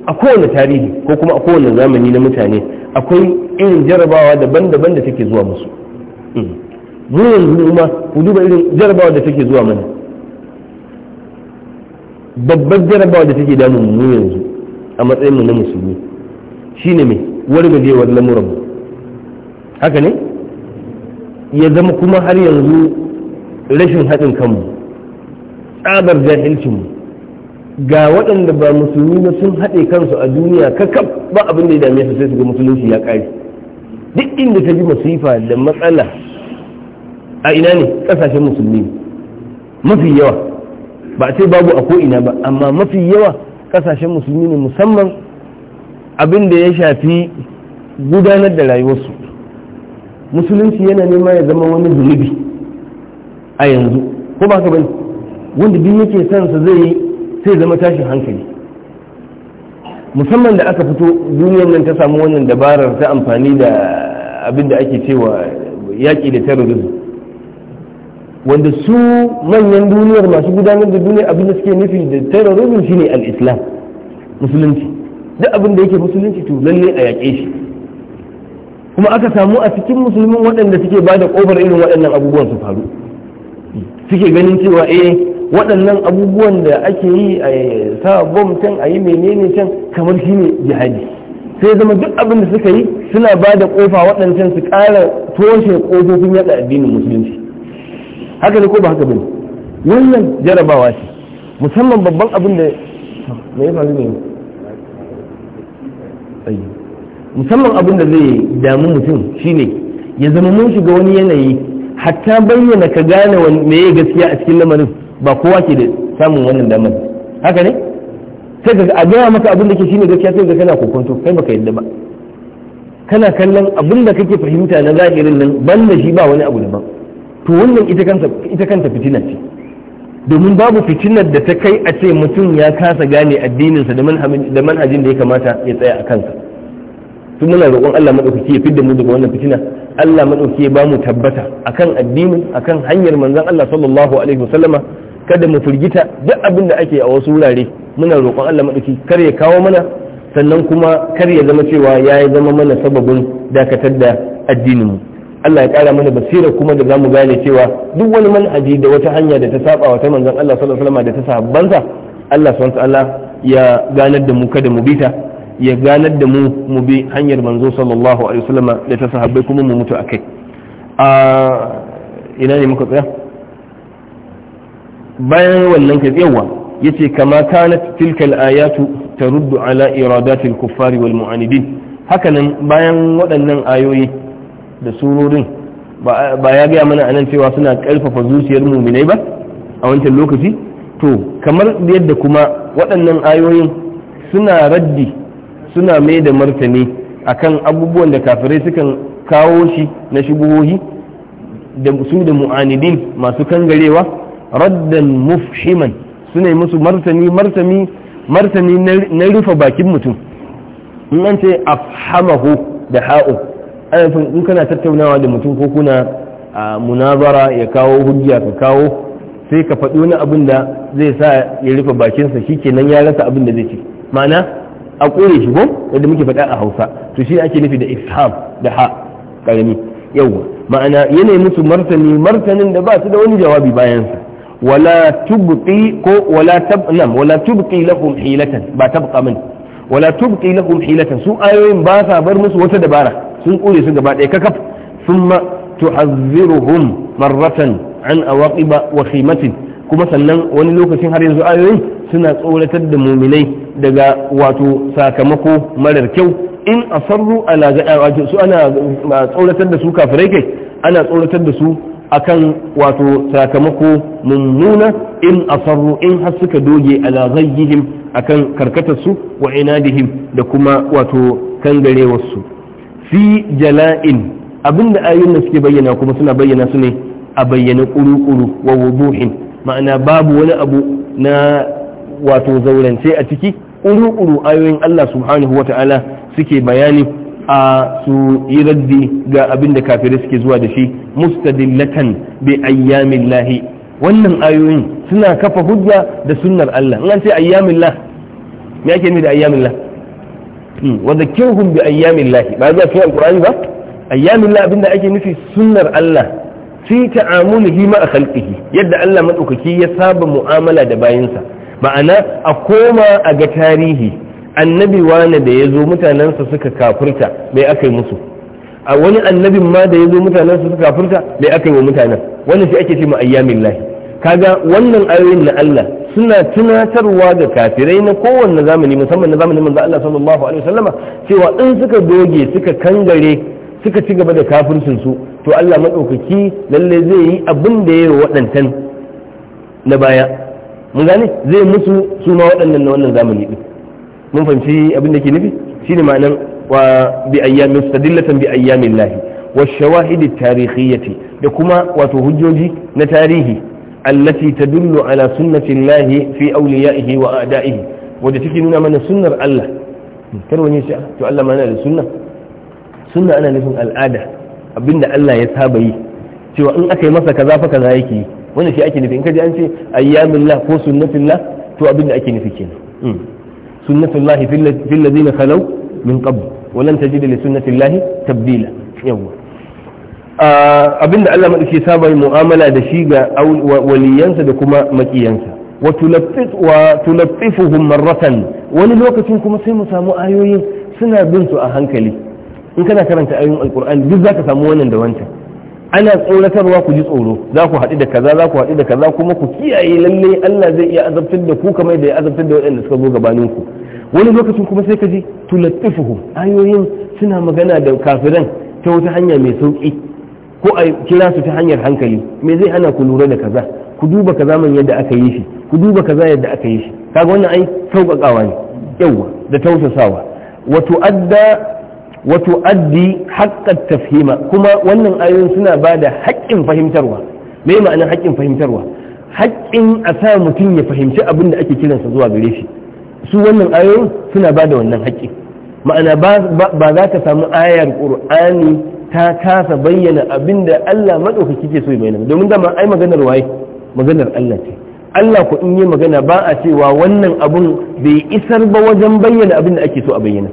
a kowane tarihi ko kuma a kowane zamani na mutane akwai irin jarabawa daban-daban da take zuwa musu hmm. mu yanzu kuma ku duba irin jarabawa da take zuwa mana babbar jarabawa da take damun mu yanzu a matsayin mu na musulmi shine me wargajewar lamuran mu haka ne ya zama kuma har yanzu rashin haɗin kanmu tsabar jahilcin mu ga waɗanda ba musulmi na sun haɗe kansu a duniya kakaf ba abin da ya dame su sai su ga musulunci ya ƙare duk inda ta ji masifa da matsala a ina ne ƙasashen musulmi mafi yawa ba a ce babu a ko'ina ba amma mafi yawa ƙasashen musulmi ne musamman abin da ya shafi gudanar da rayuwarsu musulunci yana nema ya zama wani zunubi a yanzu ko ba ka bane wanda duk yake son zai yi sai zama tashin hankali musamman da aka fito duniyar nan ta samu wannan dabarar ta amfani da abin da ake cewa yaƙi da terrorism wanda su manyan duniyar masu gudanar da duniya abin da suke nufi da terrorism shine al-islam musulunci duk abin da yake musulunci to lalle a yaƙe shi kuma aka samu a cikin musulmin waɗanda suke ba da ƙofar irin waɗannan abubuwan su faru suke ganin cewa eh waɗannan abubuwan da ake yi a sa bom can a yi menene can kamar shi ne jihadi sai zama duk abin da suka yi suna ba da ƙofa waɗancan su ƙara toshe ƙofofin yaɗa addinin musulunci haka ne ko ba haka bane wannan jarabawa ce musamman babban abin da mai faru ne musamman abin da zai damu mutum shine ya zama mun shiga wani yanayi hatta bayyana ka gane me gaskiya a cikin lamarin ba kowa ke da samun wannan damar haka ne sai ka a gaya maka abin da ke shine gaskiya sai ka kana kokonto kai baka yadda ba kana kallon abin da kake fahimta na zahirin nan ban da shi ba wani abu daban to wannan ita kanta ita kanta fitina ce domin babu fitinar da ta kai a ce mutum ya kasa gane addininsa da manhajin da ya kamata ya tsaya a kansa tun muna roƙon Allah maɗaukaki ya fidda mu daga wannan fitina Allah maɗaukaki ya bamu tabbata akan addinin akan hanyar manzon Allah sallallahu alaihi wasallama kada mu firgita duk abin da ake a wasu wurare muna roƙon Allah madauki kar ya kawo mana sannan kuma kar ya zama cewa ya yi zama mana sababin dakatar da addinin mu Allah ya ƙara mana basira kuma da zamu gane cewa duk wani manhaji da wata hanya da ta saba wa ta manzon Allah sallallahu alaihi wasallam da ta sahabbansa Allah subhanahu ta'ala ya ganar da mu kada mu bita ya ganar da mu mu bi hanyar manzo sallallahu alaihi wasallam da ta sahabbai kuma mu mutu akai a ah, ina ne muka tsaya bayan wannan ka yawa yace kama kanat tilkal ayatu taruddu ala iradatil kuffari wal mu'anidin hakanan bayan waɗannan ayoyi da surorin ba ya gaya mana anan cewa suna ƙarfafa zuciyar muminai ba a wancan lokaci to kamar yadda kuma waɗannan ayoyin suna raddi suna mai da martani akan abubuwan da kafirai sukan kawo shi na shubuhohi da su da mu'anidin masu kangarewa raddan mufhiman suna yi musu martani martani martani na rufe bakin mutum in an ce afhamahu da ha'u ana in kana tattaunawa da mutum ko kuna a munazara ya kawo hujja ka kawo sai ka faɗi wani abin da zai sa ya rufe bakinsa shi nan ya rasa abin da zai ce ma'ana a kore shi ko yadda muke faɗa a Hausa to shi ake nufi da isham da ha karami yawa ma'ana yanayi musu martani martanin da ba su da wani jawabi bayansa wala tubqi ko wala tablam wala tubqi hilatan ba tabqa min wala tubqi lahum hilatan su ayoyin basa sa bar musu wata dabara sun kure su gaba ɗaya kakaf thumma tu'azziruhum marratan an awaqiba wa khimatin kuma sannan wani lokacin har yanzu ayoyin suna tsoratar da muminai daga wato sakamako marar kyau in asarru ala ana tsoratar da su kafirai kai ana tsoratar da su akan wato sakamako mummuna in asarru in har suka doge ala zayyihim akan karkatarsu wa inadihim da kuma wato kangarewarsu fi jala'in abinda ayoyin da suke bayyana kuma suna bayyana su ne a bayyana kuru-kuru wa wuduhin ma'ana babu wani abu na wato zaurance a ciki kuru-kuru ayoyin Allah subhanahu wata'ala suke bayani a su yi raddi ga abin da kafirai suke zuwa da shi mustadillatan bi ayyamin lahi wannan ayoyin suna kafa hujja da sunnar Allah in an ce ayyamin lah me ake nufi da ayyamin lah hmm, wa zakkirhum bi ayyamin lah ba za cikin alqur'ani ba ayyamin lah abinda ake nufi sunnar Allah fi ta'amulihi ma khalqihi yadda Allah madaukaki ya saba mu'amala da bayinsa ma'ana a koma a ga tarihi annabi wane da ya zo mutanensa suka kafurta bai aka yi musu a wani annabin ma da ya zo mutanensa suka kafurta bai aka yi wa mutanen wannan shi ake ce ma ayyamin lahi kaga wannan ayoyin na Allah suna tunatarwa ga kafirai na kowanne zamani musamman na zamanin manzo Allah sallallahu alaihi wasallama cewa in suka doge suka kangare suka ci gaba da kafircin su to Allah madaukaki lalle zai yi abin da ya yi na baya mun gane zai musu su ma waɗannan na wannan zamani din mun fahimci abin da ke nufi shine ma'anan wa bi ayyamin stadillatan bi ayyamin lahi wa shawahidi tarihiyyati da kuma wato hujjoji na tarihi allati tadullu ala sunnati lahi fi awliyaihi wa a'da'ihi wanda take nuna mana sunnar Allah kar wani shi ah, to Allah ma yana da sunna sunna ana nufin al'ada abinda Allah ya saba yi cewa in aka yi masa kaza fa kaza yake yi wanda shi ake nufi in kaji an ce ayyamin lahi ko sunnatin lahi to abinda ake nufi kenan hmm. sunnatullahi fil ladina khalaw min qabl walan tajid li sunnatillahi tabdila yawa abinda Allah madauki saba mu'amala da shi ga waliyansa da kuma makiyansa wa tulaffifuhum marratan wani lokacin kuma sai mu samu ayoyin suna bin su a hankali in kana karanta ayoyin alqur'ani duk zaka samu wannan da wancan ana tsoratarwa ku ji tsoro za ku da kaza za ku da kaza kuma ku kiyaye lallai Allah zai iya azabtar da ku kamar da ya azabtar da waɗanda suka zo gabanin ku wani lokacin kuma sai ka ji tulattifuhum ayoyin suna magana da kafiran ta wata hanya mai sauki ko a kira su ta hanyar hankali me zai hana ku lura da kaza ku duba kaza man yadda aka yi shi ku duba kaza yadda aka yi shi kaga wannan ai sauƙaƙawa ne yawa da tausasawa wato adda wato addi haƙƙar tafhima kuma wannan ayoyin suna ba da haƙƙin fahimtarwa me ma'anar haƙƙin fahimtarwa haƙƙin a sa mutum ya fahimci abin da ake kiransa zuwa gare shi su wannan ayoyin suna ba da wannan haƙƙi ma'ana ba za ka samu ayar ƙur'ani ta kasa bayyana abin da Allah maɗaukaki ke so ya bayyana domin dama ai maganar waye maganar Allah ce Allah ko in yi magana ba a cewa wannan abun bai isar ba wajen bayyana abin da ake so a bayyana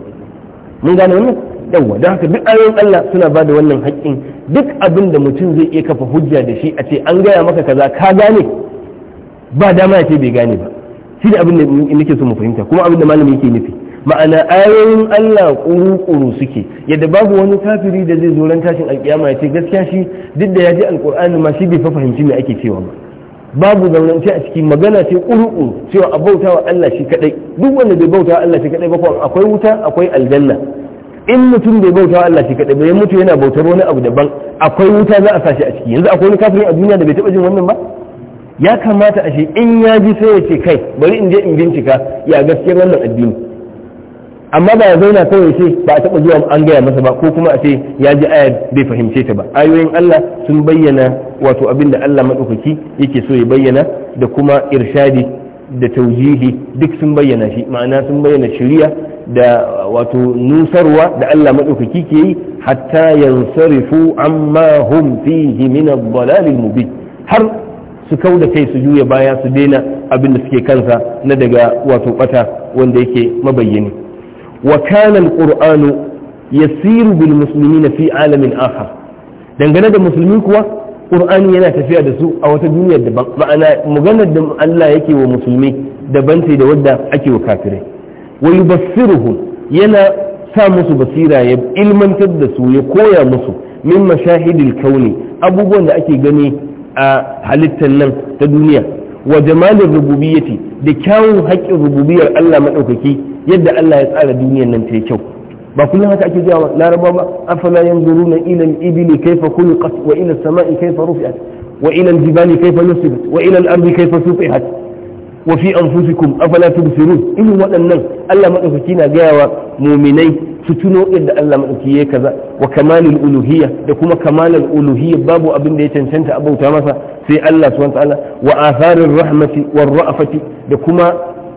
mun gane wannan yawa don haka duk ayoyin Allah suna ba da wannan haƙƙin duk abin da mutum zai iya kafa hujja da shi a ce an gaya maka kaza ka gane ba dama ya ce bai gane ba shi da abin da nake so mu fahimta kuma abin da malami yake nufi ma'ana ayoyin Allah kuru-kuru suke yadda babu wani kafiri da zai zo ran tashin alkiyama ya ce gaskiya shi duk da ya ji alkur'ani ma shi bai fa fahimci me ake cewa ba babu zaunance a cikin magana ce kuru-kuru cewa a bauta wa Allah shi kadai duk wanda bai bauta wa Allah shi kadai ba ko akwai wuta akwai aljanna in mutum bai bauta wa Allah shi kadai ba ya mutu yana bautar wani abu daban akwai wuta za a sa shi a ciki yanzu akwai wani kafirin a duniya da bai taba jin wannan ba ya kamata ashe in ya ji sai ya ce kai bari in je in bincika ya gaskiyar wannan addini amma ba ya zauna kawai ya ce ba a taɓa zuwa an gaya masa ba ko kuma a ce ya ji aya bai fahimce ta ba ayoyin Allah sun bayyana wato abin da Allah maɗaukaki yake so ya bayyana da kuma irshadi da taujihi duk sun bayyana shi ma'ana sun bayyana shari'a da wato nusarwa da Allah maɗaukaki ke yi hatta yansarifu amma hum fihi min ad-dalal mubin har su kau da kai su juya baya su daina abin da suke kansa na daga wato bata wanda yake mabayyani wa kana alqur'anu yasiru bil muslimina fi alamin akhar dangane da musulmi kuwa qur'ani yana tafiya da su a wata duniya daban ma'ana maganar da Allah yake wa musulmi daban ce da wadda ake wa kafirai wa yubassiruhum yana sa musu basira ya ilmantar da su ya koya musu min mashahidil kauni abubuwan da ake gani a halittar nan ta duniya wa jamalin rububiyyati da kyawun haƙƙin rububiyar Allah maɗaukaki yadda Allah ya tsara duniyar nan ta yi kyau ba kullum haka ake jawa laraba ba afala yanzuruna ila al-ibli kulu khuliqat wa ilan as-sama'i kayfa rufi'at wa ilan al-jibali kayfa nusibat wa ilan al-ardi kayfa sufihat wa fi anfusikum afala tubsirun irin waɗannan Allah maɗaukaki na gaya wa muminai su tuno Allah maɗauki ya kaza wa kamalul uluhiyya da kuma kamalul uluhiyya babu abin da ya cancanta a bauta masa sai Allah subhanahu ta'ala wa asarin rahmati war ra'afati da kuma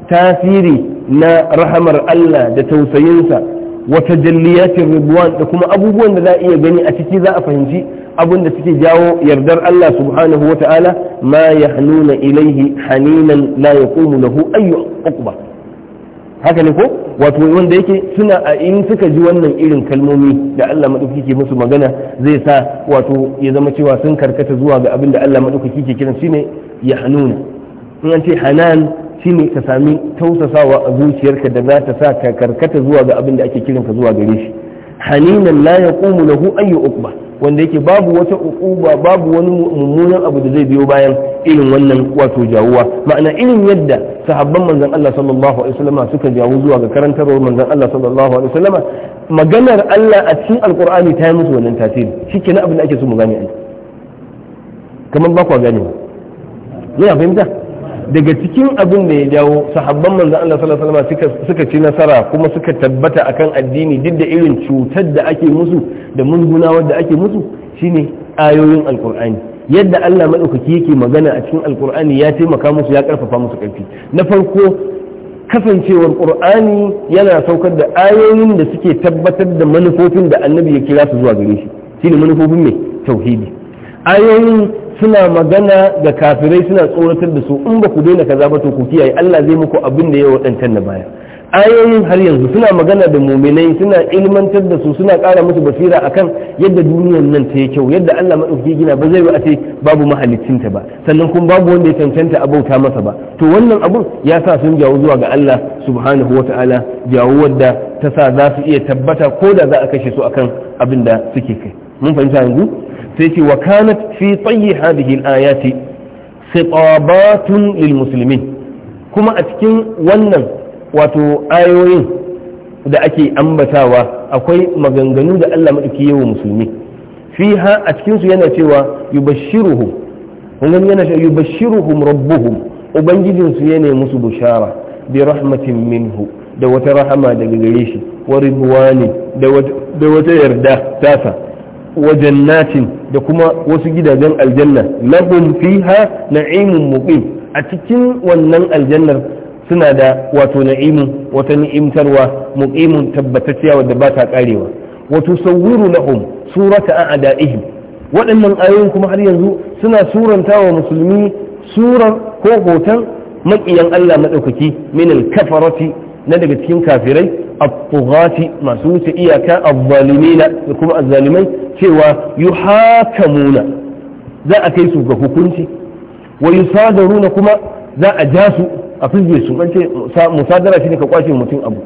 tasiri na rahamar Allah da tausayinsa wa tajalliyatir ridwan da kuma abubuwan da za a iya gani a ciki za a fahimci abin da suke jawo yardar Allah subhanahu wa ta'ala ma yahnuna ilaihi haninan la yaqumu lahu ayyu uqba haka ne ko wato wanda yake suna a in suka ji wannan irin kalmomi da Allah madauki ke musu magana zai sa wato ya zama cewa sun karkata zuwa ga abin da Allah madauki ke kiran shine ya hanuna in an ce hanan shine ka sami tausasawa a zuciyarka da za ta sa ka karkata zuwa ga abin da ake kiranka zuwa gare shi haninan la yaqumu lahu ayyu uqba wanda yake babu wata uquba babu wani mummunan abu da zai biyo bayan irin wannan wato jawuwa ma'ana irin yadda sahabban manzan Allah sallallahu alaihi wasallam suka jawo zuwa ga karantarwar manzan Allah sallallahu alaihi wasallam maganar Allah a cikin alqur'ani ta yi musu wannan tasiri shikenan abin da ake so mu gane ai kamar ba ku gane yana fahimta daga cikin abin da ya jawo sahabban manzan Allah sallallahu alaihi wasallam suka ci nasara kuma suka tabbata akan addini duk da irin cutar da ake musu da mungunawar da ake musu shine ayoyin alqur'ani yadda Allah maɗaukaki yake magana a cikin alkur'ani ya taimaka musu ya ƙarfafa musu ƙarfi na farko kasancewar ƙur'ani yana saukar da ayoyin da suke tabbatar da manufofin da annabi ya kira su zuwa gare shi shine manufofin mai tauhidi ayoyin suna magana da kafirai suna tsoratar da su in ba ku daina kaza ba to ku kiyaye Allah zai muku abin da ya wadantar na baya ayoyin har yanzu suna magana da muminai suna ilmantar da su suna kara musu basira akan yadda duniyar nan ta yi kyau yadda Allah madauki gina ba zai ba a ce babu ta ba sannan kuma babu wanda ya cancanta abauta masa ba to wannan abun ya sa sun jawo zuwa ga Allah subhanahu wata'ala jawo wadda ta sa za su iya tabbata ko da za a kashe su akan abin da suke kai mun fahimta yanzu sai ce wa kanat fi tsayi hadhihi al-ayati sitabatun lil muslimin kuma a cikin wannan wato ayoyin da ake ambatawa akwai maganganu da Allah madauki yawa musulmi fiha a cikin su yana cewa yubashshiruhum wannan yana cewa yubashshiruhum rabbuhum ubangijin su yana musu bushara bi rahmatin minhu da wata rahama daga gare shi wa ridwani da wata yarda tasa Wajen jannatin da kuma wasu gidajen aljanna lahum fiha na'imun muqim a cikin wannan aljannar suna da wato na'imun wata ni'imtarwa muqimun tabbatacciya wadda ba ta karewa wato na lahum surata a'da'ihim waɗannan ayoyin kuma har yanzu suna suranta wa musulmi surar ko hoton maƙiyan Allah maɗaukaki min al-kafarati na daga cikin kafirai at masu wuce iyaka az-zalimina da kuma az-zalimai cewa yuhakamuna za a kai su ga hukunci wa yusadaruna kuma za a ja su a fizge su ce musadara ne ka kwace mutum abu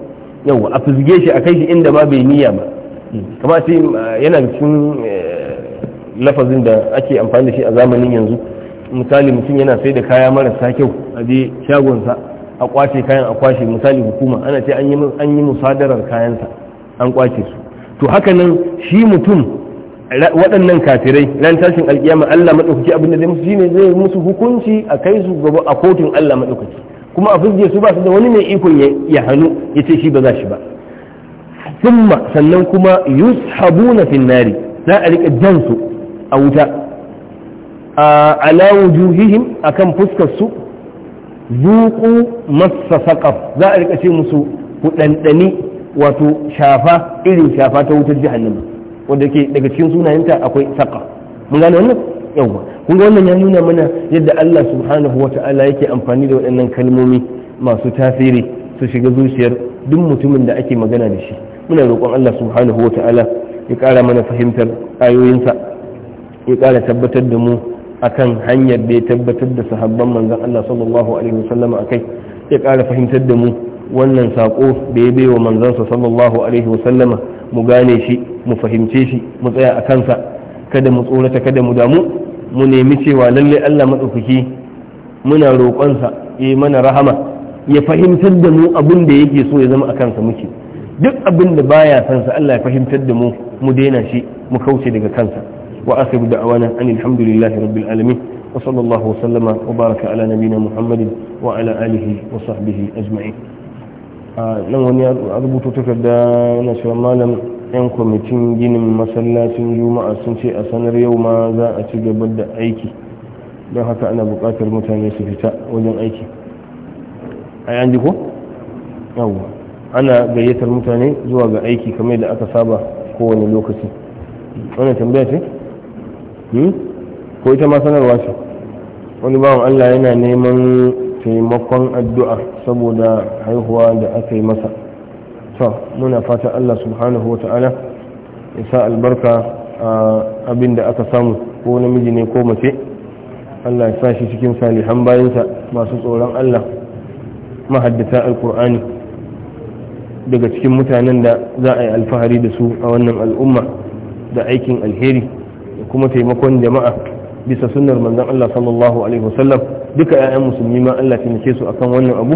yawa a fizge shi a kai shi inda ma bai niyya ba kama ce eh, yana cikin eh, lafazin da ake amfani da shi a zamanin yanzu misali mutum yana sai da kaya marasa kyau a je shagonsa a kwashe kayan a kwashe misali hukuma ana ce an yi musadarar kayansa an kwace su to haka nan shi mutum waɗannan kafirai ran tashin alkiyama Allah maɗaukaki abin da zai musu zai musu hukunci a kai su gaba a kotun Allah maɗaukaki kuma a fizge su ba su da wani mai ikon ya hannu ya ce shi ba za shi ba summa sannan kuma yushabuna finnari za a rika jansu a wuta ala wujuhihim akan fuskar su zuku masa saƙaf za a rika ce musu ku ɗanɗani wato shafa irin shafa ta wutar jahannama wanda ke daga cikin sunayenta akwai saƙaf mun gane wannan yawwa kun ga wannan ya nuna mana yadda Allah subhanahu wa ta'ala yake amfani da waɗannan kalmomi masu tasiri su shiga zuciyar duk mutumin da ake magana da shi muna roƙon Allah subhanahu wa ta'ala ya ƙara mana fahimtar ayoyinsa ya ƙara tabbatar da mu akan hanyar da ya tabbatar da sahabban manzon Allah sallallahu alaihi wasallam akai ya ƙara fahimtar da mu wannan sako da ya baiwa manzansa sallallahu alaihi wasallama mu gane shi mu fahimce shi mu tsaya a kansa kada mu tsorata kada mu damu mu nemi cewa lalle Allah maɗaukaki muna roƙonsa ya mana rahama ya fahimtar da mu abin da yake so ya zama a kansa muke duk abin da baya sansa Allah ya fahimtar da mu mu daina shi mu kauce daga kansa وآخر دعوانا أن الحمد لله رب العالمين وصلى الله وسلم وبارك على نبينا محمد وعلى آله وصحبه أجمعين nan wani ya rubuta takarda na cewa malam 'yan kwamitin ginin masallacin juma'a sun ce a sanar yau ma za a ci gaba da aiki don haka ana buƙatar mutane su fita wajen aiki a yan ko? yawwa ana gayyatar mutane zuwa ga aiki kamar da aka saba kowane lokaci wannan tambaya ce? Hmm? ko ita ma sanarwa ce wani bawan allah yana neman taimakon addu'a saboda haihuwa da aka yi masa to muna fata allah subhanahu wa ta'ala ya sa albarka a abin da aka samu ko namiji ne ko mace allah ya sa shi cikin salihan bayansa masu tsoron allah mahaddata alkur'ani daga cikin mutanen da za a yi alfahari da su a wannan al'umma da aikin alheri kuma taimakon jama'a bisa sunnar manzon Allah sallallahu alaihi wasallam duka ƴaƴan musulmi ma Allah taimake su akan wannan abu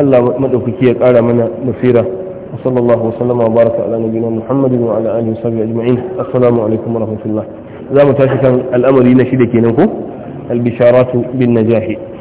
Allah madaukaki ya ƙara mana basira sallallahu wasallama wa baraka ala nabiyina Muhammadin wa ala alihi wa ajma'in assalamu alaikum wa rahmatullah za mu tashi kan al'amari na shida kenan ko al-bisharatu bin najahi